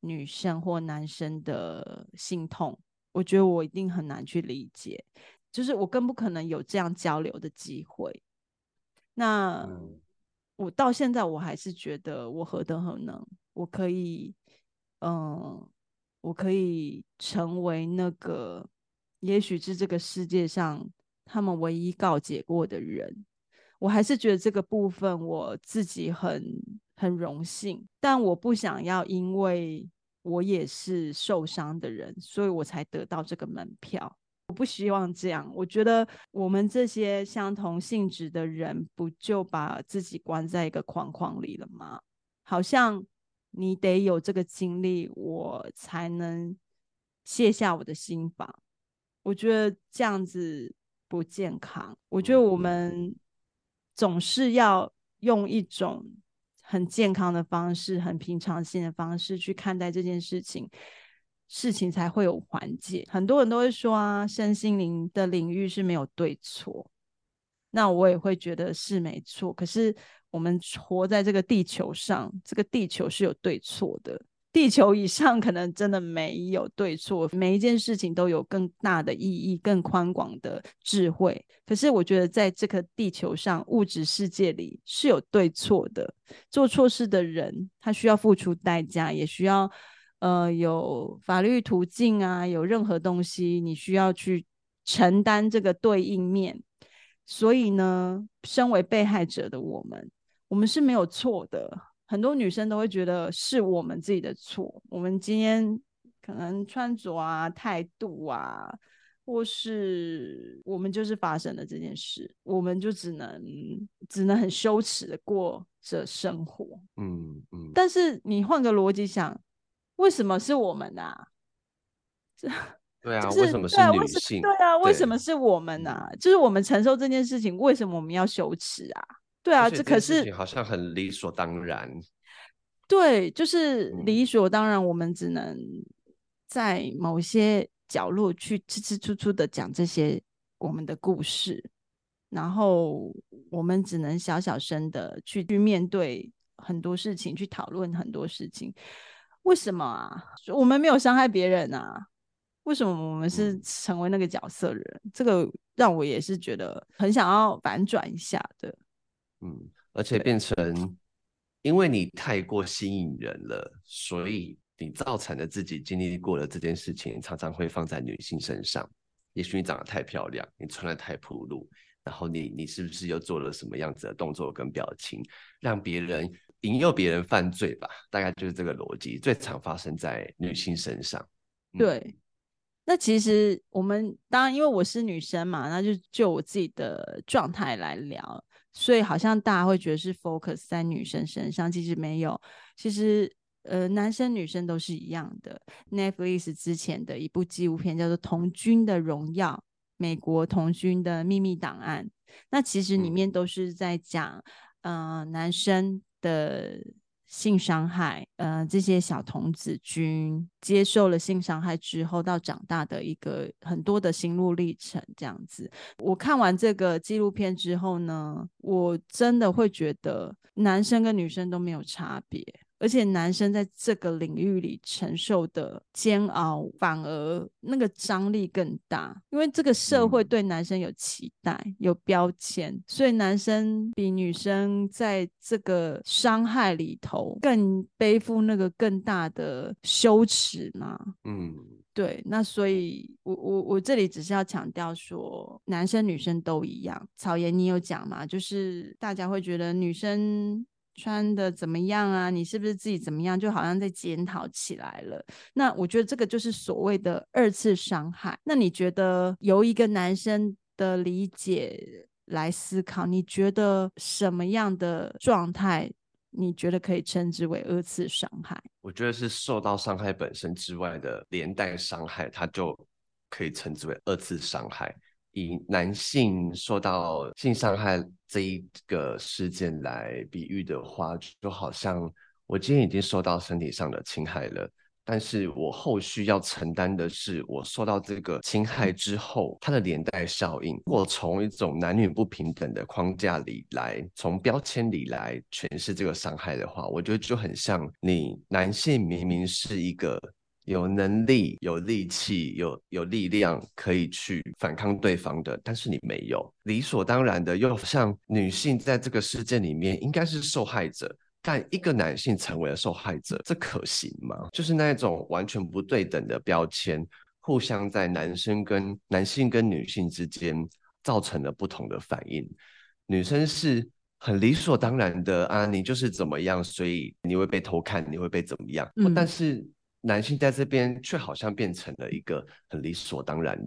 女生或男生的心痛，我覺得我一定很難去理解，就是我更不可能有這樣交流的機會。那，嗯我到現在我還是覺得我何德何能，我可以，嗯，我可以成為那個，也許是這個世界上他們唯一告解過的人。我還是覺得這個部分我自己很很榮幸，但我不想要，因為我也是受傷的人，所以我才得到這個門票。我不希望這樣。我覺得我們這些相同性質的人，不就把自己關在一個框框裡了嗎？好像你得有這個經歷，我才能卸下我的心防。我覺得這樣子不健康。我覺得我們總是要用一種很健康的方式、很平常心的方式去看待這件事情。事情才會有緩解。很多人都會說啊，身心靈的領域是沒有對錯，那我也會覺得是沒錯。可是我們活在這個地球上，這個地球是有對錯的。地球以上可能真的沒有對錯，每一件事情都有更大的意義、更寬廣的智慧。可是我覺得，在這個地球上，物質世界裡是有對錯的。做錯事的人，他需要付出代價，也需要。呃，有法律途徑啊，有任何東西你需要去承擔這個對應面。所以呢，身為被害者的我們，我們是沒有錯的。很多女生都會覺得是我們自己的錯，我們今天可能穿着啊、態度啊，或是我們就是發生了這件事，我們就只能只能很羞恥的過着生活。嗯嗯。但是你換個邏輯想。為什麼是我們呢、啊？對啊、 就是，為什麼是女性？對啊，對為什麼是我們呢、啊？就是我們承受這件事情，為什麼我們要羞恥啊？對啊，就是、這可是好像很理所當然。對，就是理所當然。我們只能在某些角落去吃吃出出的講這些我們的故事，然後我們只能小小聲的去去面對很多事情，去討論很多事情。為什麼啊？我們沒有傷害別人啊？為什麼我們是成為那個角色的人？嗯、這個讓我也是覺得很想要反轉一下的。嗯，而且變成，因為你太過吸引人了，所以你造成的自己經歷過的這件事情，常常會放在女性身上。也許你長得太漂亮，你穿得太暴露，然後你你是不是又做了什麼樣子的動作跟表情，讓別人？引誘別人犯罪吧，大概就是這個邏輯，最常發生在女性身上。嗯嗯、對，那其實我們當然因為我是女生嘛，那就就我自己的狀態來聊，所以好像大家會覺得是 focus 在女生身上，其實沒有，其實呃男生女生都是一樣的。Netflix 之前的一部紀錄片叫做《童軍的榮耀》，美國童軍的秘密檔案，那其實裡面都是在講，嗯，呃、男生。的性傷害，呃，這些小童子軍接受了性傷害之後，到長大的一個很多的心路歷程，這樣子。我看完這個紀錄片之後呢，我真的會覺得男生跟女生都沒有差別。而且男生在這個領域裡承受的煎熬，反而那個張力更大，因為這個社會對男生有期待、嗯、有標籤，所以男生比女生在這個傷害裡頭更背負那個更大的羞恥嘛。嗯，對。那所以我，我我我這裡只是要強調說，男生女生都一樣。草顏你有講嗎？就是大家會覺得女生，穿的怎麼樣啊？你是不是自己怎麼樣？就好像在檢討起來了。那我覺得這個就是所謂的二次傷害。那你覺得由一個男生的理解來思考，你覺得什麼樣的狀態，你覺得可以稱之為二次傷害？我覺得是受到傷害本身之外的連帶傷害，它就可以稱之為二次傷害。以男性受到性傷害這一個事件來比喻的話，就好像我今天已經受到身體上的侵害了，但是我後續要承擔的是我受到這個侵害之後它的連帶效應。如果從一種男女不平等的框架裡來，從標籤裡來詮釋這個傷害的話，我覺得就很像你男性明明是一個。有能力、有力氣、有有力量可以去反抗對方的，但是你沒有理所當然的，又像女性在這個世界裡面應該是受害者，但一個男性成為了受害者，這可行嗎？就是那種完全不對等的標籤，互相在男生跟男性跟女性之間造成了不同的反應。女生是很理所當然的啊，你就是怎麼樣，所以你會被偷看，你會被怎麼樣？嗯，但是。男性在這邊卻好像變成了一個很理所當然，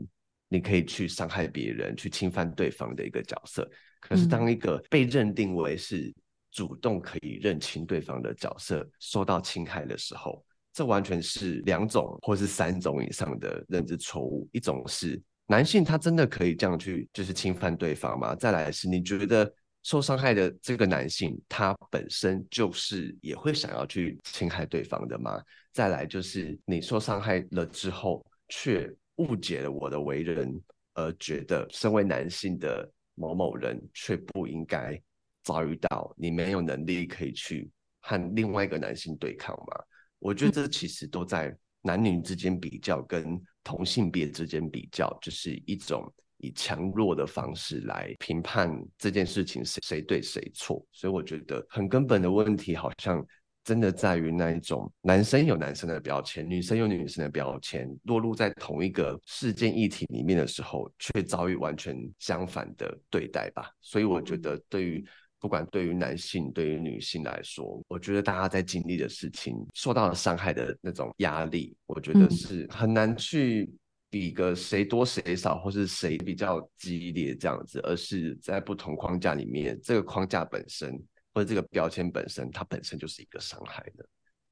你可以去傷害別人、去侵犯對方的一個角色。可是當一個被認定為是主動可以認清對方的角色受到侵害的時候，這完全是兩種或是三種以上的認知錯誤。一種是男性他真的可以這樣去就是侵犯對方嗎？再來是你覺得。受傷害的這個男性，他本身就是也會想要去侵害對方的嗎？再來就是你受傷害了之後，卻誤解了我的為人，而覺得身為男性的某某人卻不應該遭遇，到，你沒有能力可以去和另外一個男性對抗嗎？我覺得這其實都在男女之間比較，跟同性別之間比較，就是一種。以強弱的方式來評判這件事情誰對誰錯，所以我覺得很根本的問題好像真的在於那一種男生有男生的標籤，女生有女生的標籤，落入在同一個事件議題裡面的時候，卻遭遇完全相反的對待吧。所以我覺得，對於不管對於男性對於女性來說，我覺得大家在經歷的事情，受到了傷害的那種壓力，我覺得是很難去。比一個誰多誰少，或是誰比較激烈這樣子，而是在不同框架裡面，這個框架本身或者這個標籤本身，它本身就是一個傷害的。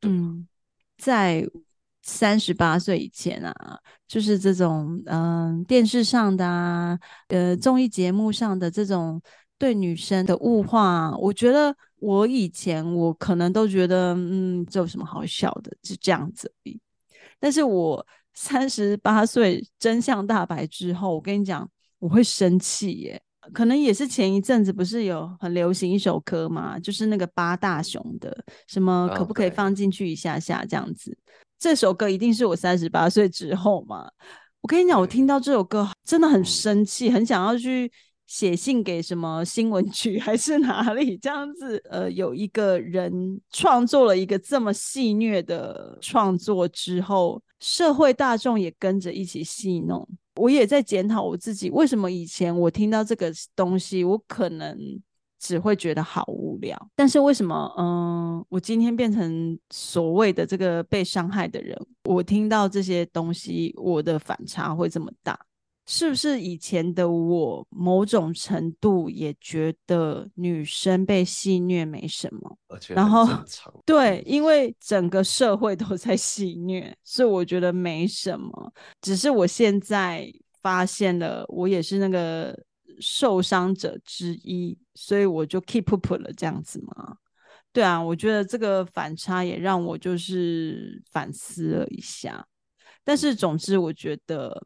嗯，在三十八歲以前啊，就是這種嗯、呃、電視上的、啊、呃綜藝節目上的這種對女生的物化，我覺得我以前我可能都覺得嗯，這有什麼好笑的，是這樣子。但是我。三十八歲真相大白之後，我跟你講，我會生氣耶。可能也是前一陣子不是有很流行一首歌嘛，就是那個八大熊的什麼可不可以放進去一下下這樣子。Oh, right. 這首歌一定是我三十八歲之後嘛？我跟你講，我聽到這首歌，Right. 真的很生氣，很想要去寫信給什麼新聞局還是哪裡這樣子。呃，有一個人創作了一個這麼戲謔的創作之後。社會大眾也跟着一起戲弄，我也在檢討我自己，為什麼以前我聽到這個東西，我可能只會覺得好無聊，但是為什麼，嗯，我今天變成所謂的這個被傷害的人，我聽到這些東西，我的反差會這麼大？是不是以前的我某種程度也覺得女生被戲謔沒什麼？而且然後對，因為整個社會都在戲謔，所以我覺得沒什麼。只是我現在發現了，我也是那個受傷者之一，所以我就 keep up 了這樣子嘛。對啊，我覺得這個反差也讓我就是反思了一下。但是總之，我覺得。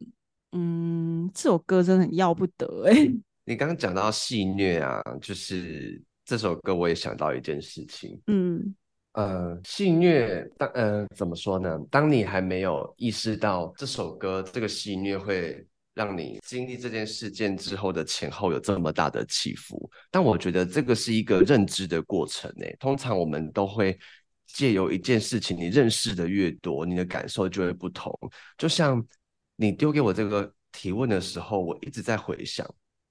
嗯，這首歌真的很要不得哎、欸。你剛剛講到戲虐啊，就是這首歌我也想到一件事情。嗯，呃，戲虐，當，呃，怎麼說呢？當你還沒有意識到這首歌，這個戲虐會讓你經歷這件事件之後的前後有這麼大的起伏，但我覺得這個是一個認知的過程哎、欸。通常我們都會借由一件事情，你認識的越多，你的感受就會不同。就像。你丟給我這個提問的時候，我一直在回想，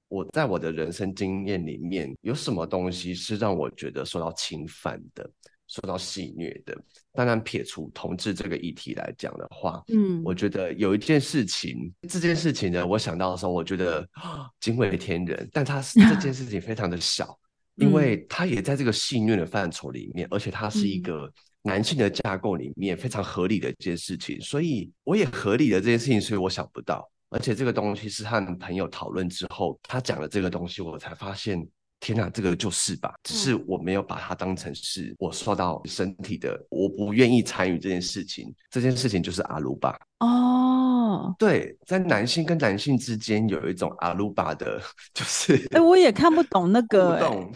我在我的人生經驗裡面有什麼東西是讓我覺得受到侵犯的、受到戲謔的。當然，撇除同志這個議題來講的話，嗯，我覺得有一件事情，這件事情呢，我想到的時候，我覺得啊、哦，驚為天人，但它這件事情非常的小，嗯、因為它也在這個戲謔的範疇裡面，而且它是一個。嗯男性的架構裡面非常合理的一件事情，所以我也合理的這件事情，所以我想不到。而且這個東西是和朋友討論之後，他講了這個東西，我才發現，天哪、啊，這個就是吧？只是我沒有把它當成是我受到身體的，嗯、我不願意參與這件事情。這件事情就是阿魯巴哦，對，在男性跟男性之間有一種阿魯巴的，就是哎、欸，我也看不懂那個、欸。不 懂。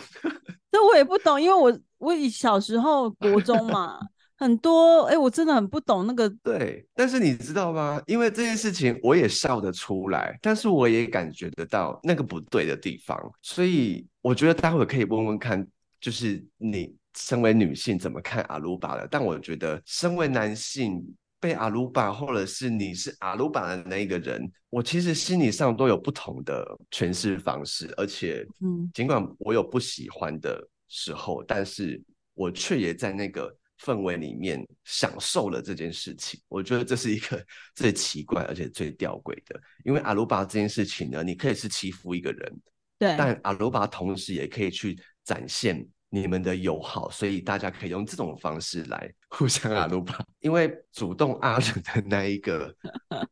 那我也不懂，因為我我以小時候國中嘛， 很多哎、欸，我真的很不懂那個。對，但是你知道嗎？因為這件事情，我也笑得出來，但是我也感覺得到那個不對的地方，所以我覺得待會兒可以問問看，就是你身為女性怎麼看阿魯巴的？但我覺得身為男性。被阿魯巴，或者是你是阿魯巴的那一個人，我其實心理上都有不同的詮釋方式，而且，嗯，儘管我有不喜歡的時候，嗯，但是我卻也在那個氛圍裡面享受了這件事情。我覺得這是一個最奇怪，而且最弔詭的，因為阿魯巴這件事情呢，你可以是欺負一個人，對，但阿魯巴同時也可以去展現。你們的友好，所以大家可以用這種方式來互相阿魯巴。因為主動阿魯的那一個、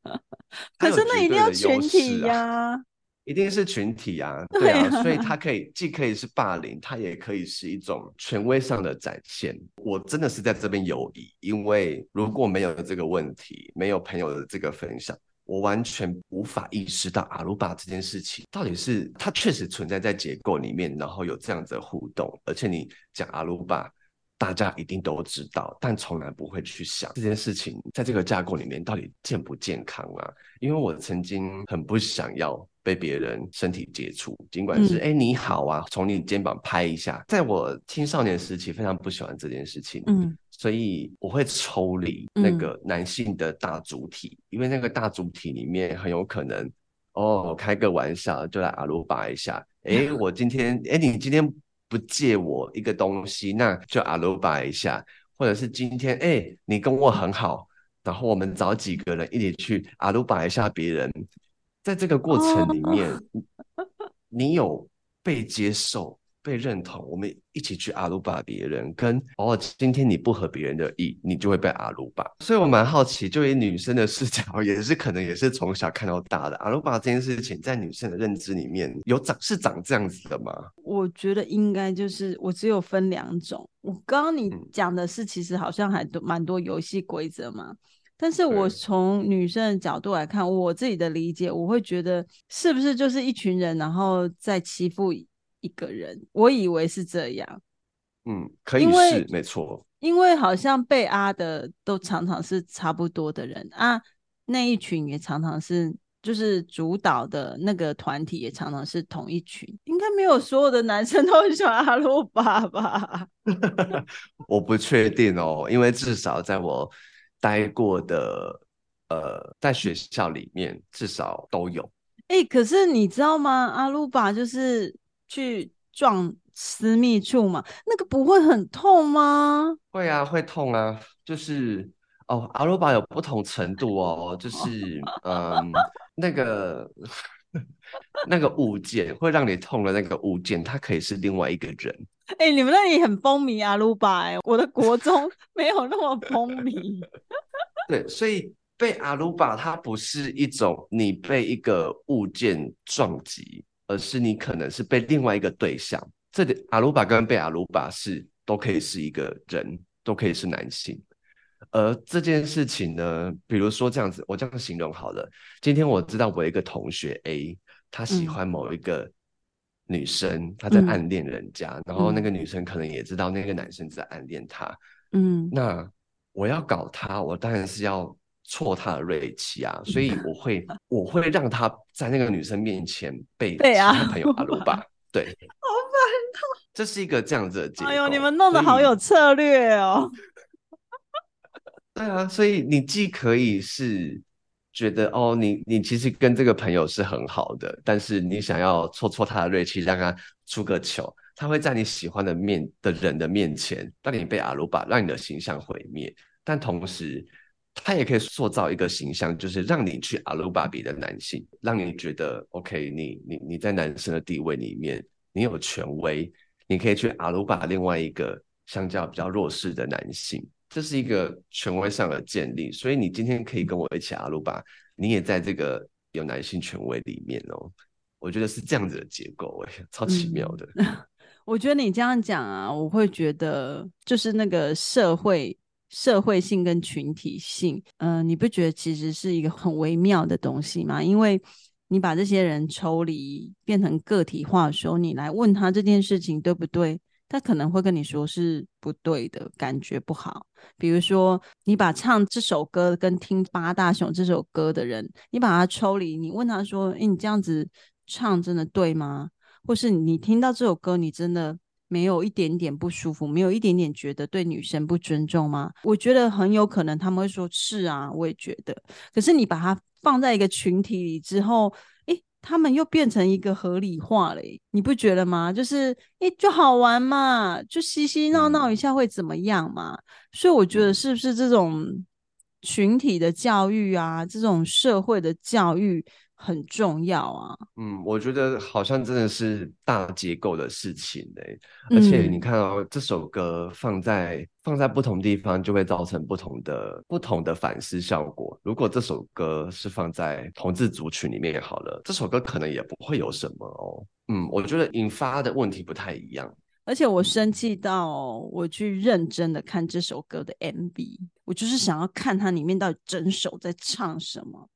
啊，可是那一定要群體呀、啊，一定是群體呀、啊啊。對啊，所以它可以既可以是霸凌，它也可以是一種權威上的展現。我真的是在這邊有疑，因為如果沒有這個問題，沒有朋友的這個分享。我完全無法意識到阿魯巴這件事情到底是它確實存在在結構裡面，然後有這樣子的互動，而且你講阿魯巴。大家一定都知道，但從來不會去想這件事情在這個架構裡面到底健不健康啊？因為我曾經很不想要被別人身體接觸，儘管是哎、嗯欸、你好啊，從你肩膀拍一下。在我青少年時期非常不喜歡這件事情，嗯，所以我會抽離那個男性的大主體、嗯，因為那個大主體裡面很有可能哦開個玩笑就來阿魯巴一下，哎、欸嗯、我今天哎、欸、你今天。不借我一個東西，那就阿魯巴一下，或者是今天哎、欸，你跟我很好，然後我們找幾個人一起去阿魯巴一下別人，在這個過程裡面，oh. 你，你有被接受。被認同，我們一起去阿魯巴別、別人跟，哦，今天你不合別人的意，你就會被阿魯巴。所以我蠻好奇，就以女生的視角，也是可能也是從小看到大的阿魯巴這件事情，在女生的認知裡面有長是長這樣子的嗎？我覺得應該就是我只有分兩種。我剛剛你講的是，其實好像還蠻多遊戲規則嘛，嗯。但是我從女生的角度來看，我自己的理解，我會覺得是不是就是一群人，然後在欺負。一個人，我以為是這樣，嗯，可以是沒錯，因為好像被阿、啊、的都常常是差不多的人啊，那一群也常常是，就是主導的那個團體也常常是同一群，應該沒有所有的男生都很喜歡阿魯巴吧？ 我不確定哦，因為至少在我待過的，呃，在學校裡面至少都有。哎、欸，可是你知道嗎？阿魯巴就是。去撞私密處嘛？那個不會很痛嗎？會啊，會痛啊。就是哦，阿魯巴有不同程度哦。 就是嗯、呃，那個 那個物件會讓你痛的那個物件，它可以是另外一個人。哎、欸，你們那裡很風靡阿魯巴、欸，哎，我的國中沒有那麼風靡。 對，所以被阿魯巴，它不是一種你被一個物件撞擊，而是你可能是被另外一個對象，這裡阿魯巴跟被阿魯巴是都可以是一個人，都可以是男性。而、呃、這件事情呢，比如說這樣子，我這樣形容好了。今天我知道我一個同學 A，他喜歡某一個女生，嗯、他在暗戀人家、嗯，然後那個女生可能也知道那個男生在暗戀他。嗯，那我要搞他，我當然是要。挫他的銳氣啊，所以我會 我會讓他在那個女生面前被其他朋友阿魯巴， 對，好煩透。這是一個這樣子的結。哎、oh、呦，你們弄得好有策略哦。對啊，所以你既可以是覺得哦，你你其實跟這個朋友是很好的，但是你想要挫挫他的銳氣，讓他出個糗，他會在你喜歡的面的人的面前讓你被阿魯巴，讓你的形象毀滅，但同時。他也可以塑造一個形象，就是讓你去阿魯巴比的男性，讓你覺得 OK，你你你在男生的地位裡面，你有權威，你可以去阿魯巴另外一個相較比較弱勢的男性，這是一個權威上的建立。所以你今天可以跟我一起阿魯巴，你也在這個有男性權威裡面哦。我覺得是這樣子的結構，超奇妙的。嗯，我覺得你這樣講啊，我會覺得就是那個社會。社會性跟群體性，嗯、呃，你不覺得其實是一個很微妙的東西嗎？因為你把這些人抽離，變成個體化，說你來問他這件事情對不對，他可能會跟你說是不對的，感覺不好。比如說，你把唱這首歌跟聽八大熊這首歌的人，你把他抽離，你問他說：“誒、欸、你這樣子唱真的對嗎？或是你聽到這首歌，你真的？”沒有一點點不舒服，沒有一點點覺得對女生不尊重嗎？我覺得很有可能他們會說是啊，我也覺得。可是你把它放在一個群體裡之後，誒，他們又變成一個合理化了，欸，你不覺得嗎？就是哎，就好玩嘛，就嘻嘻鬧鬧一下會怎麼樣嘛。嗯？所以我覺得是不是這種群體的教育啊，這種社會的教育？很重要啊！嗯，我覺得好像真的是大結構的事情嘞、欸嗯。而且你看哦，這首歌放在放在不同地方，就會造成不同的不同的反思效果。如果這首歌是放在同志族群裡面也好了，這首歌可能也不會有什麼哦。嗯，我覺得引發的問題不太一樣。而且我生氣到我去認真的看這首歌的 MV，我就是想要看它裡面到底整首在唱什麼。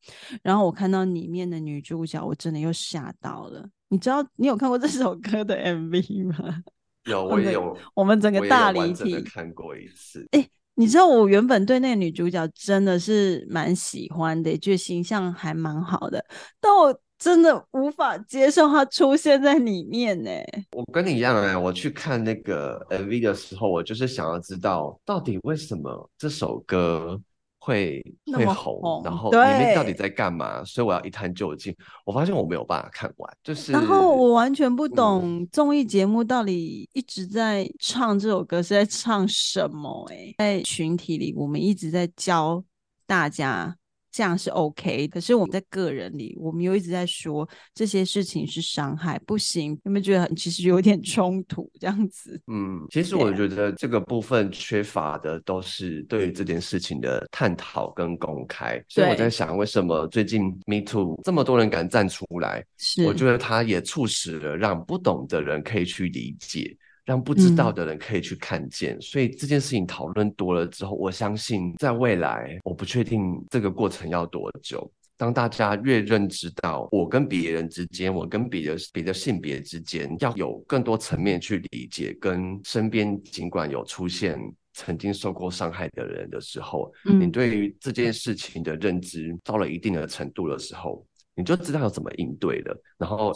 然後我看到裡面的女主角，我真的又嚇到了。你知道你有看過這首歌的 MV 嗎？有，okay, 我有。我們整個大離體我看過一次。哎、欸，你知道我原本對那個女主角真的是蠻喜歡的，就形象還蠻好的，但我。真的無法接受它出現在裡面呢、欸。我跟你一樣哎、啊，我去看那個 MV 的時候，我就是想要知道到底為什麼這首歌會紅會紅，然後裡面到底在幹嘛，所以我要一探究竟。我發現我沒有辦法看完，就是，然後我完全不懂綜藝節目到底一直在唱這首歌是在唱什麼哎、欸，在群體裡我們一直在教大家。這樣是 OK 可是我們在個人裡，我們又一直在說這些事情是傷害，不行，有沒有覺得其實有點衝突這樣子？嗯，其實我覺得這個部分缺乏的都是對於這件事情的探討跟公開。所以我在想，為什麼最近 Me Too 這麼多人敢站出來？是，我覺得他也促使了讓不懂的人可以去理解。讓不知道的人可以去看見，嗯、所以這件事情討論多了之後，我相信在未來，我不確定這個過程要多久。當大家越認知到我跟別人之間，我跟別的別的性別之間，要有更多層面去理解，跟身邊儘管有出現曾經受過傷害的人的時候，嗯、你對於這件事情的認知到了一定的程度的時候。你就知道要怎麼應對了，然後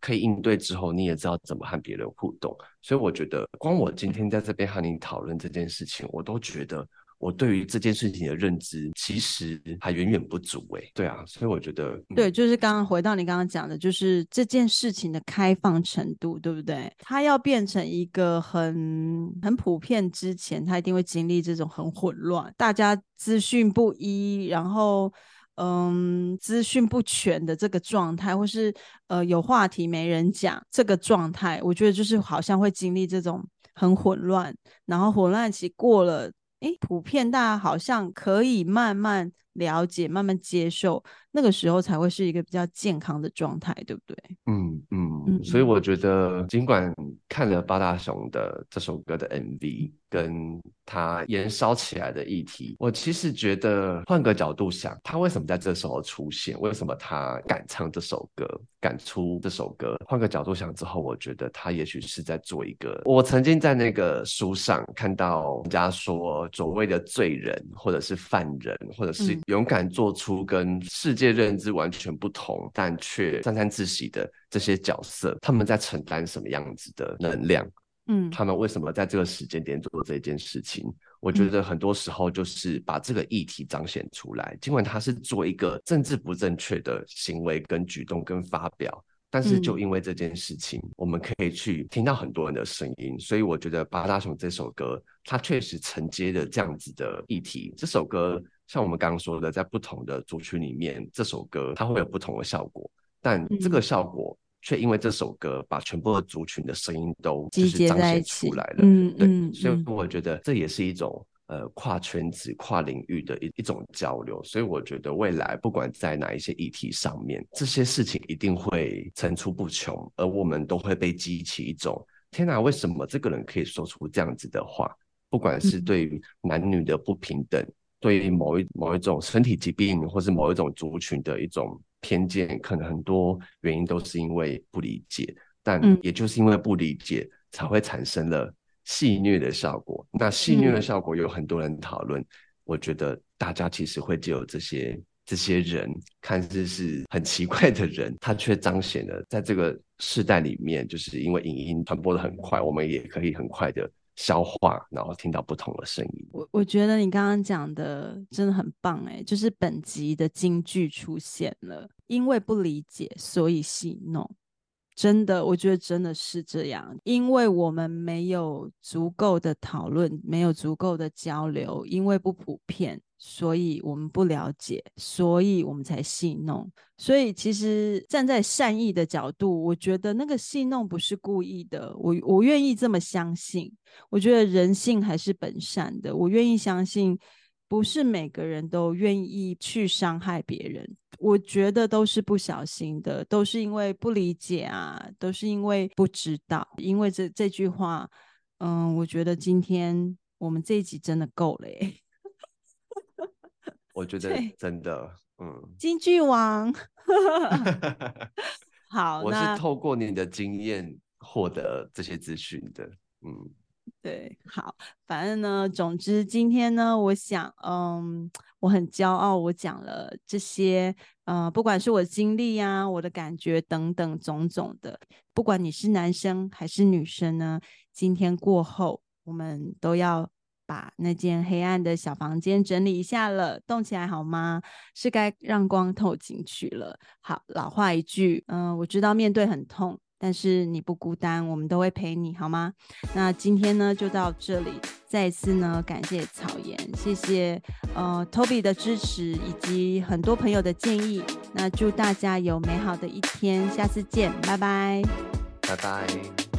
可以應對之後，你也知道怎麼和別人互動。嗯、所以我覺得，光我今天在這邊和你討論這件事情，我都覺得我對於這件事情的認知其實還遠遠不足、欸。哎，對啊，所以我覺得、嗯，對，就是剛剛回到你剛剛講的，就是這件事情的開放程度，對不對？它要變成一個很很普遍之前，它一定會經歷這種很混亂，大家資訊不一，然後。嗯，資訊不全的這個狀態，或是呃有話題沒人講這個狀態，我覺得就是好像會經歷這種很混亂，然後混亂期過了，誒，普遍大家好像可以慢慢了解、慢慢接受，那個時候才會是一個比較健康的狀態，對不對？嗯嗯，所以我覺得，儘管看了八大雄的這首歌的 MV。跟他燃燒起來的議題，我其實覺得換個角度想，他為什麼在這時候出現？為什麼他敢唱這首歌，敢出這首歌？換個角度想之後，我覺得他也許是在做一個。我曾經在那個書上看到人家說，所謂的罪人，或者是犯人，或者是勇敢做出跟世界認知完全不同，但卻沾沾自喜的這些角色，他們在承擔什麼樣子的能量？嗯，他們為什麼在這個時間點做這件事情？我覺得很多時候就是把這個議題彰顯出來，儘管他是做一個政治不正確的行為跟舉動跟發表，但是就因為這件事情，我們可以去聽到很多人的聲音。所以我覺得《八大雄》這首歌，它確實承接了這樣子的議題。這首歌像我們剛剛說的，在不同的族群裡面，這首歌它會有不同的效果，但這個效果，卻因為這首歌，把全部的族群的聲音都就是彰顯出來了。嗯對嗯，嗯，所以我覺得這也是一種呃跨圈子、跨領域的一一種交流。所以我覺得未來不管在哪一些議題上面，這些事情一定會層出不窮，而我們都會被激起一種天哪，為什麼這個人可以說出這樣子的話？不管是對於男女的不平等，嗯對於某一某一種身體疾病，或是某一種族群的一種偏見，可能很多原因都是因為不理解，但也就是因為不理解，才會產生了戲謔的效果。那戲謔的效果有很多人討論，我覺得大家其實會藉由這些這些人看似是很奇怪的人，他卻彰顯了在這個世代裡面，就是因為影音傳播的很快，我們也可以很快的。消化，然後聽到不同的聲音。我我覺得你剛剛講的真的很棒欸，就是本集的金句出現了，因為不理解，所以戲弄。真的，我覺得真的是這樣，因為我們沒有足夠的討論，沒有足夠的交流，因為不普遍，所以我們不了解，所以我們才戲弄。所以，其實站在善意的角度，我覺得那個戲弄不是故意的。我我願意這麼相信，我覺得人性還是本善的，我願意相信。不是每個人都願意去傷害別人，我覺得都是不小心的，都是因為不理解啊，都是因為不知道。因為這這句話，嗯，我覺得今天我們這一集真的夠了、欸。 我覺得真的，嗯，金句王， 好，我是透過你的經驗獲得這些資訊的，嗯。對，好，反正呢，總之今天呢，我想，嗯，我很驕傲，我講了這些，呃，不管是我經歷啊，我的感覺等等種種的，不管你是男生還是女生呢，今天過後，我們都要把那間黑暗的小房間整理一下了，動起來好嗎？是該讓光透進去了。好，老話一句，嗯、呃，我知道面對很痛。但是你不孤單，我們都會陪你好嗎？那今天呢，就到這裡，再一次呢感謝草顏，謝謝呃 Toby 的支持以及很多朋友的建議。那祝大家有美好的一天，下次見，拜拜，拜拜。